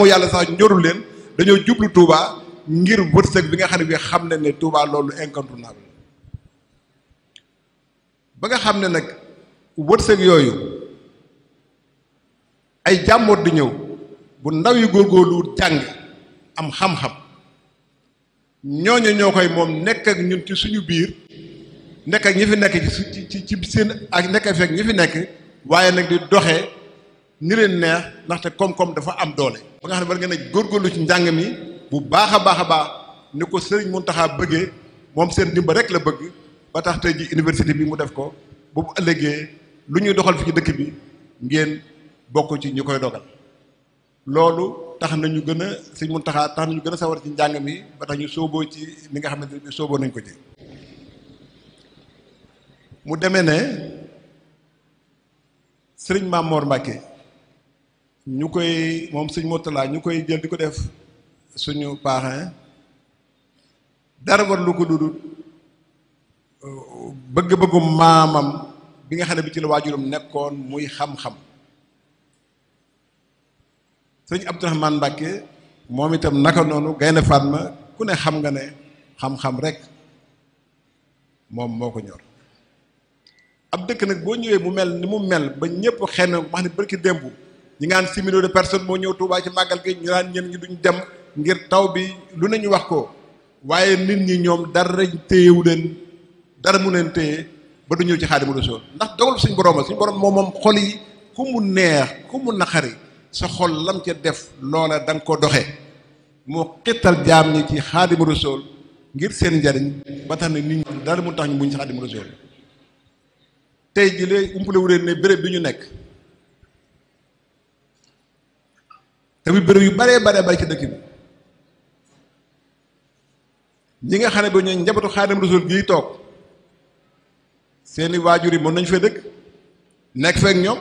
H: yàlla sax ñorul leen dañoo jublu Touba ngir wërsëg bi nga xam ne bi xam ne ne Touba loolu incontournable ba nga xam ne nag wërsëg yooyu ay jàmboot di ñëw bu ndaw yi góorgóorlu jàng am xam-xam ñooñu ñoo koy moom nekk ak ñun ci suñu biir nekk ak ñi fi nekk ci ci ci seen ak nekk ak ñi fi nekk waaye nag di doxee ni leen neex ndaxte koom-koom dafa am doole. ba nga xam ne war ngeen a ci njàng mi bu baax a baax a baax ni ko Serigne Mountakha bëggee moom seen dimbal rek la bëgg ba tax tey ji université bi mu def ko bu bu ëllëgee lu ñuy doxal fi ci dëkk bi ngeen bokk ci ñu koy dogal loolu. tax nañu gën a sëñ Muntaxa tax nañu gën a sawar ci njàng mi ba tax ñu sóoboo ci li nga xamante ni sóoboo nañ ko ci mu demee ne sëriñ Mamor Mbàkke ñu koy moom sëñ Murtala ñu koy jël di ko def suñu parrain dara war lu ko dudul bëgg-bëggum maamam bi nga xam ne bi ci la waajurum nekkoon muy xam-xam sëñ Abdourahmane Mbacke moom itam naka noonu gaynde Fatma ku ne xam nga ne xam-xam rek moom moo ko ñor ab dëkk nag boo ñëwee mu mel ni mu mel ba ñëpp xëy na wax ne barki démb ñi ngaan six millions de personne moo ñëw Touba ci màggal gi ñu naan ñen ñi duñ dem ngir taw bi lu nañu wax ko waaye nit ñi ñoom dara téyewu leen dara mu leen téye ba du ñëw ci mu Xaadimu Rasuul ndax dogal suñ borooma suñ boroom moom moom xol yi ku mu neex ku mu naqari sa xol lam ca def loola danga nga ko doxee moo xittal jaam ñi ci xaadimu rasool ngir seen njariñ ba tax na nit ñi dara mu tax ñu buñ si xaadimu tey ji lee umpalewu leen ne béréb bi ñu nekk tamit béréb yu baree baree bari ci dëkk bi ñi nga xam ne ba ñooy njabootu xaadimu rasool gii toog seeni waajur yi mën nañu fee dëkk nekk feek ñoom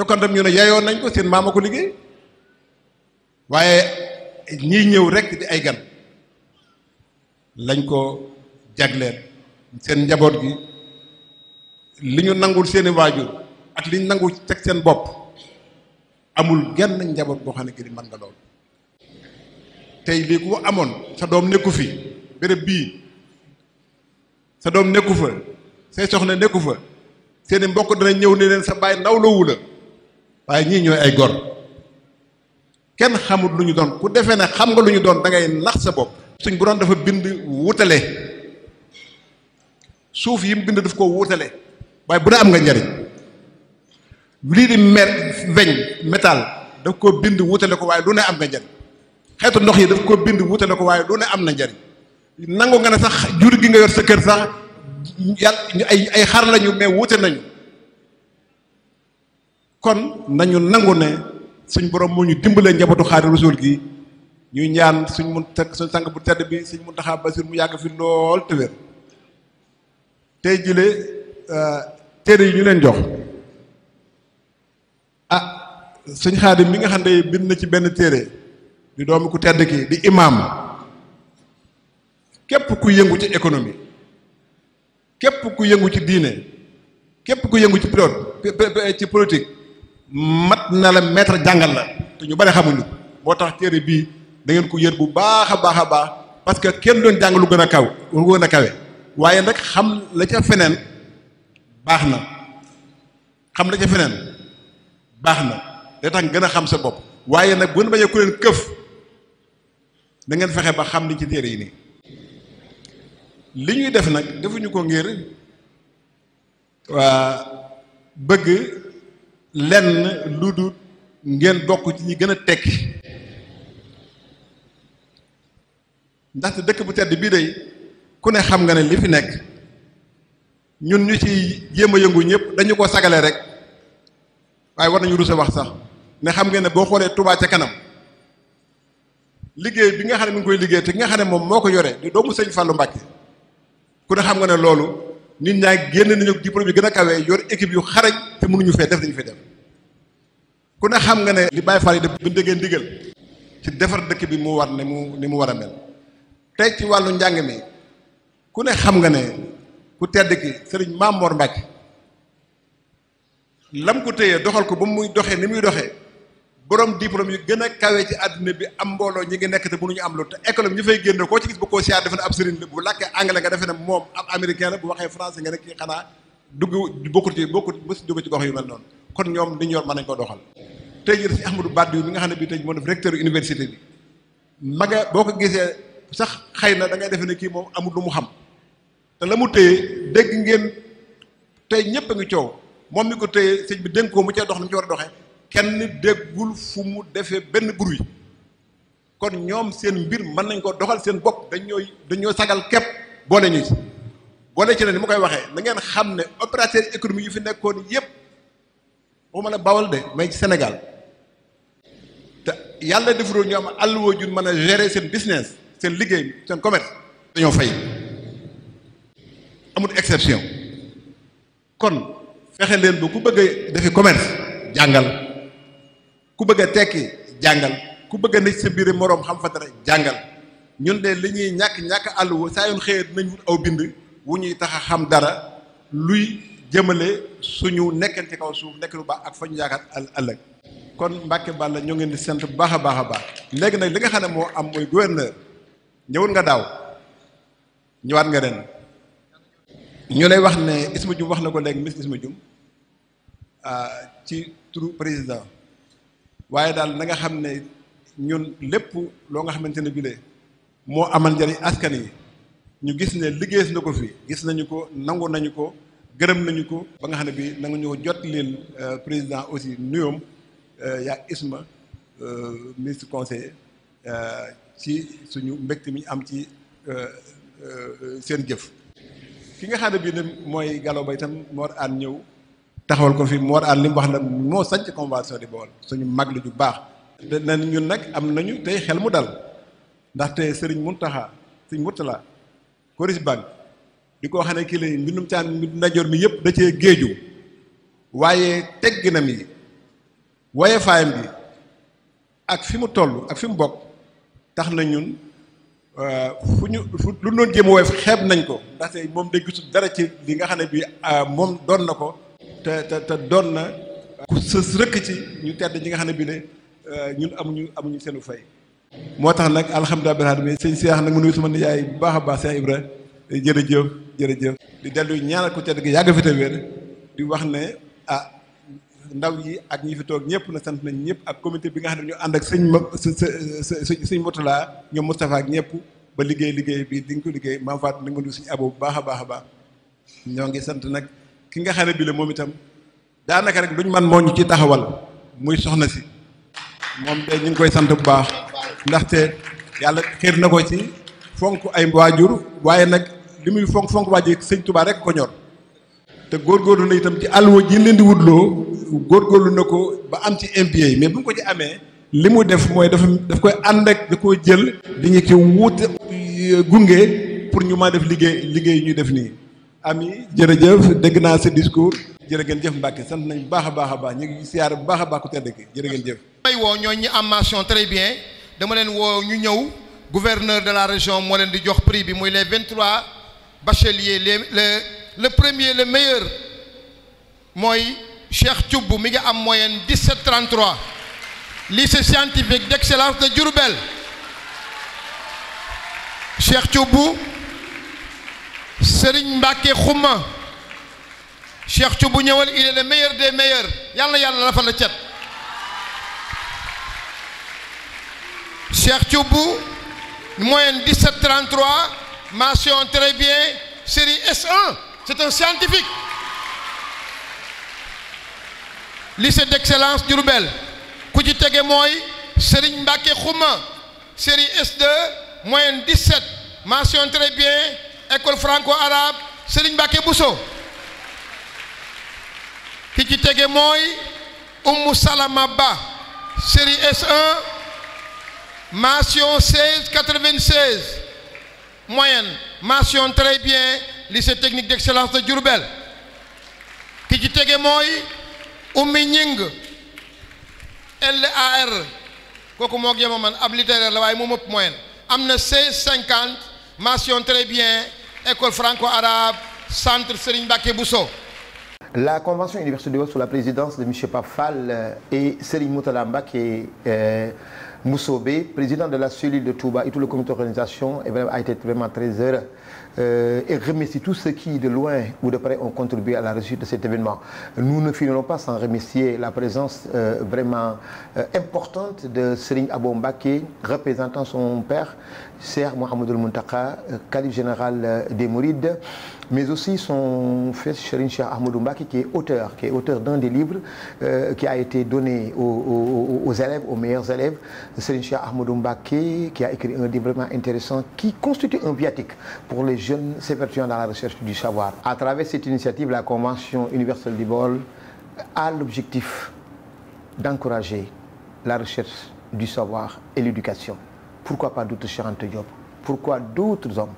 H: te kon tam ne yeyoon nañ ko seen maama ko liggéey waaye ñiy ñëw rek di ay gan lañ ko jagleel seen njaboot gi li ñu nangul seeni waajur ak li ñu nangul teg seen bopp amul genn njaboot boo xam ne gën man nga lool tey lii ku amoon sa doom nekku fi béréb bii sa doom nekku fa say soxna nekku fa seeni mbokk dana ñëw ne leen sa baay ndaw la waaye ñii ñooy ay gor kenn xamut lu ñu doon ku defee ne xam nga lu ñu doon da ngay nax sa bopp suñ bu doon dafa bind wutale suuf yi mu bind daf ko wutale waaye bu ne am nga njariñ lii di mer weñ métal daf ko bind wutale ko waaye lu ne am nga njariñ xeetu ndox yi daf ko bind wutale ko waaye lu ne am na njariñ nangu nga ne sax jur gi nga yor sa kër sax yàlla ay ay xar lañu mais wute nañu kon nañu nangu ne suñ borom moo ñu dimbalee njabootu Xaadimu Rasuul gi ñuy ñaan suñ mun suñ sang bu tedd bi suñ Muntaxa Basiir mu yàgg fi lool te wér tey jile euh, téere yi ñu leen jox ah suñ Xaadim mi nga xam ne bind na ci benn téere di doomi ku tedd ki di imaam képp ku yëngu ci économie képp ku yëngu ci diine képp ku yëngu ci pilote ci politique mat na la maître jàngal la te ñu bari xamuñu moo tax téere bii da ngeen ko yër bu baax a baax a baax parce que kenn doon jàng lu gën a kaw lu gën a kawe waaye nag xam la ca feneen baax na xam la ca feneen baax na day tax gën a xam sa bopp waaye nag bu ngeen bañee leen këf da ngeen fexe ba xam li ci téere yi nii ñuy def nag defuñu ko ngir waa bëgg lenn lu dul ngeen dokk ci ñi gën a tekki ndaxte dëkk bu tedd bii day ku ne xam nga ne li fi nekk ñun ñu ci jéem a yëngu ñëpp dañu ko sagale rek waaye war nañu rusa wax sax ne xam nga ne boo xoolee Touba ca kanam liggéey bi nga xam ne mi ngi koy liggéey te ki nga xam ne moom moo ko yore di doomu sëñ Fallou Mbacke ku ne xam nga ne loolu nit ñaa génn nañu diplôme yu gën a kawee yor équipe yu xarañ te mënuñu fee def dañu fee def ku ne xam nga ne li Baye Fall yi def bu déggee ndigal ci defar dëkk bi mu war ne mu ni mu war a mel tey ci wàllu njàng mi ku ne xam nga ne ku tedd ki sëriñ Maam Mor lam ko téyee doxal ko ba muy doxee ni muy doxee borom diplôme yu gën a kawe ci àdduna bi am mbooloo ñi ngi nekk te mënuñu am loolu te école ñu fay génn koo ci gis bu ko siyaar defe ne ab sëriñ la bu làkkee anglais nga defe ne moom ab américain la bu waxee français nga ne kii xanaa dugg bokkut ci bokkut mos dugg ci gox yu kon ñoom li ñu yor mën nañ ko doxal tey jii si Ahmadou Badiou mi nga xam ne bii tey moo def recteur université bi ma boo ko gisee sax xëy na da ngay defe ne kii moom amul lu mu xam te la mu téye dégg ngeen tey ñëpp a ngi coow moom mi ko téye sëñ bi dénk ko mu cee dox ni mu ci war a doxee kenn déggul fu mu defee benn bruit kon ñoom seen mbir mën nañ koo doxal seen bopp dañooy dañoo sagal képp boole ñu ci boole ci leen ni ma koy waxee na ngeen xam ne opérateur économique yu fi nekkoon yépp waxuma la bawal de may Sénégal te yàlla defuroo ñu am àlluwa ju mën a gérer seen business seen liggéey seen commerce dañoo fay amul exception kon fexe leen bu ku bëggee a defi commerce jàngal ku bëgg a tekki jàngal ku bëgg a nekk sa biir moroom xam fa dara jàngal ñun de li ñuy ñàkk ñàkk àll wa saa yoon xëyee dinañ wut aw bind wu ñuy tax a xam dara luy jëmale suñu nekkee ci kaw suuf nekk lu baax ak fa ñu al ëllëg kon Mbàkke Balla ñoo ngeen di sant bu baax a baax a baax léegi nag li nga xam ne moo am mooy gouverneur ñëwul nga daaw ñëwaat nga ren ñu lay wax ne Isma Dioum wax na ko léegi Miss Isma Dioum ah, ci turu président. waaye daal nanga xam ne ñun lépp loo nga xamante ne bilee moo amal njariñ askan yi ñu gis ne liggéeyas na ko fii gis nañu ko nangu nañu ko gërëm nañu ko ba nga xam ne bi nanga ñu ko jot leen euh, président aussi nuyoom euh, yaa Isma euh, ministre conseiller ci suñu mbekk mi ñu am ci seen jëf ki nga xam ne bii ne mooy Gallo Ba itam Mor Aan ñëw taxawal ko fi Mor An li mu wax nag moo sanc convention di Bawol suñu mag la ju baax te nan ñun nag am nañu tey xel mu dal ndaxte sëriñ Muntaxa sëriñ Murtala Koris Bank di ko xam ne kii la mbindum caan ndajoor mi yëpp dacee cee waaye waaye tegginam mi waye faayam bi ak fi mu toll ak fi mu bokk tax na ñun euh, fu ñu lu doon jéem a woyof xeeb nañ ko ndaxte moom day gisul dara ci li nga xam ne bi euh, moom doon na ko te te te doon na ku sës rëkk ci ñu tedd ñi nga xam ne bi ne euh, ñun amuñu amuñu seenu fay moo tax nag alhamdulilah bil alamin sëñ Seex nag mu nuyu sama nijaay bu baax baax Seex Ibra jërëjëf jërëjëf di dellu ñaanal ko tedd gi yàgg fi te wér di wax ne ah ndaw yi ak ñi fi toog ñëpp na sant nañ ñëpp ak comité bi nga xam ne ñu ànd ak sëñ sëñ Murtala ñoom Moustapha ak ñëpp ba liggéey liggéey bi di nga ko liggéey maam faat na nga nuyu suñu abo bu baax a baax a baax ñoo ngi sant nag ki nga xam ne bi la moom itam daanaka rek luñ man moo ñu ci taxawal muy soxna si moom de ñu ngi koy sant bu baax ndaxte yàlla xër na ko ci fonk ay waajur waaye nag li muy fonk fonk waajur sëñ Tuubaa rek ko ñor te góorgóorlu na itam ci àlluwa ji leen di wutloo góorgóorlu na ko ba am ci MBA mais bu ñu ko ci amee li mu def mooy dafa daf koy ànd ak da koy jël. dañu ci wuute gunge pour ñu maa def liggéey liggéey ñu def nii. ami jërëjëf dëgg naa sa discours jërë ngeen jëf Mbacke sant nañ bu baax baax a baax ñu ngi siyaar bu baax a baax ku tedd ki jërë ngeen jëf
A: may woo ñoo ñi am mention très bien dama leen woo ñu ñëw gouverneur de la région moo leen di jox prix bi muy les vingt-trois les le premier le meilleur mooy Cheikh Thioub mi ngi am moyenne 17 33 lycée scientifique d'excellence de Diourbel Cheikh Thioub Serigne Mbacke Xuma Cheikh Thioub ñëwal il est le des meilleurs yàlla yàlla dafa la cet Cheikh Thioub moyenne 17 33 mention très bien série S1 c'est un scientifique lycée d'excellence Diourbel ku ci tege mooy Serigne Mbacke Xuma série S2 moyenne 17 mention très bien. école franco arabe Serigne Mbacké Bousso ki ci tege mooy Oumou Salama Ba série S1 mention 16 96 moyenne mention très bien lycée technique d'excellence de Diourbel ki ci tege mooy Oumy Ñing LAR kooku moo ak yema man ab littéraire la waaye moom ëpp moyenne am na 16 50 mention très bien école franco-arabe centre Serigne Mbacké Bousso. La convention Université de Wes sous la présidence de monsieur Pape Fall euh, et Serigne Moutala Mbacké euh, président de la cellule de Touba et tout le comité d'organisation a été vraiment très heureux euh, et remercie tous ceux qui de loin ou de près ont contribué à la réussite de cet événement. Nous ne finirons pas sans remercier la présence euh, vraiment euh, importante de Serigne Abo Mbacké représentant son père Cheikh Mouhamadoul Mountakha euh, calife général euh, des Mourides mais aussi son fils Serigne Cheikh Ahmadou Mbacké qui est auteur qui est auteur d'un des livres euh, qui a été donné aux, aux, aux élèves aux meilleurs élèves Serigne Cheikh Ahmadou Mbacké qui a écrit un livre vraiment intéressant qui constitue un viatique pour les jeunes s'évertuant dans la recherche du savoir à travers cette initiative la convention universelle du Baol a l'objectif d'encourager la recherche du savoir et l'éducation pourquoi pas d'autres Cheikh Anta Diop pourquoi d'autres hommes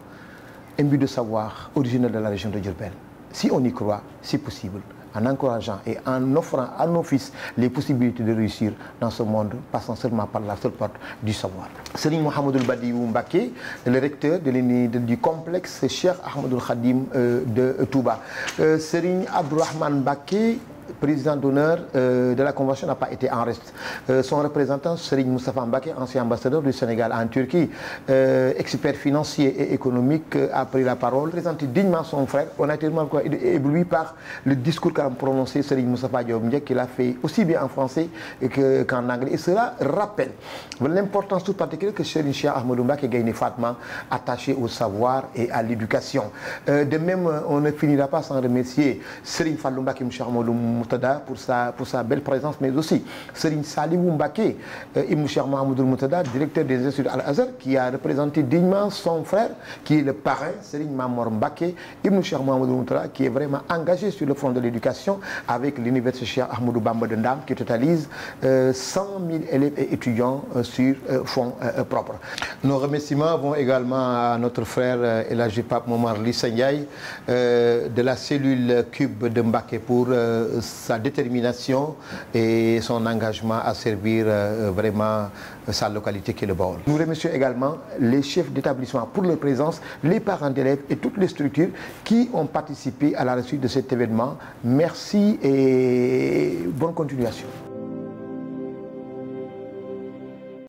A: imbus de savoir originels de la région de Diourbel si on y croit si possible en encourageant et en offrant à nos fils les possibilités de réussir dans ce monde, passant seulement par la seule porte du savoir. Serigne Mohamedoul Badiou Mbaké, le recteur de de, du complexe Cheikh Ahmadoul Khadim euh, de Touba. Euh, Serigne Abdourahmane Mbaké, président d'honneur euh, de la convention n'a pas été en reste. Euh, son représentant, Serigne Moustapha Mbaké, ancien ambassadeur du Sénégal en Turquie, euh, expert financier et économique, euh, a pris la parole, présenté dignement son frère. On a été ébloui par le discours qu'a prononcé Serigne Moustapha Diomdia, qu'il a fait aussi bien en français qu'en anglais. Et cela rappelle l'importance toute particulière que Serigne Chia Ahmadou Mbaké Gaïné Fatma, attaché au savoir et à l'éducation. Euh, de même, on ne finira pas sans remercier Serigne Fallou Mbaké Ahmadou Moutada pour sa pour sa belle présence mais aussi Serigne Salibou Mbacké euh, Ibn Cheikh Mahamadou Moutada directeur des études Al Azhar qui a représenté dignement son frère qui est le parrain Serigne Mamor Mbacké Ibn Cheikh Mahamadou Moutada qui est vraiment engagé sur le front de l'éducation avec l'université Cheikh Ahmadou Bamba de Ndam qui totalise 100 euh, 000 élèves et étudiants euh, sur fonds propres. Nos remerciements vont également à notre frère El Hadji Pape Momar Lissa Ndiaye de la cellule Cube de Mbacké pour sa détermination et son engagement à servir euh, vraiment euh, sa localité qui est le Baol. Nous remercions également les chefs d'établissement pour leur présence, les parents d'élèves et toutes les structures qui ont participé à la réussite de cet événement. Merci et bonne continuation.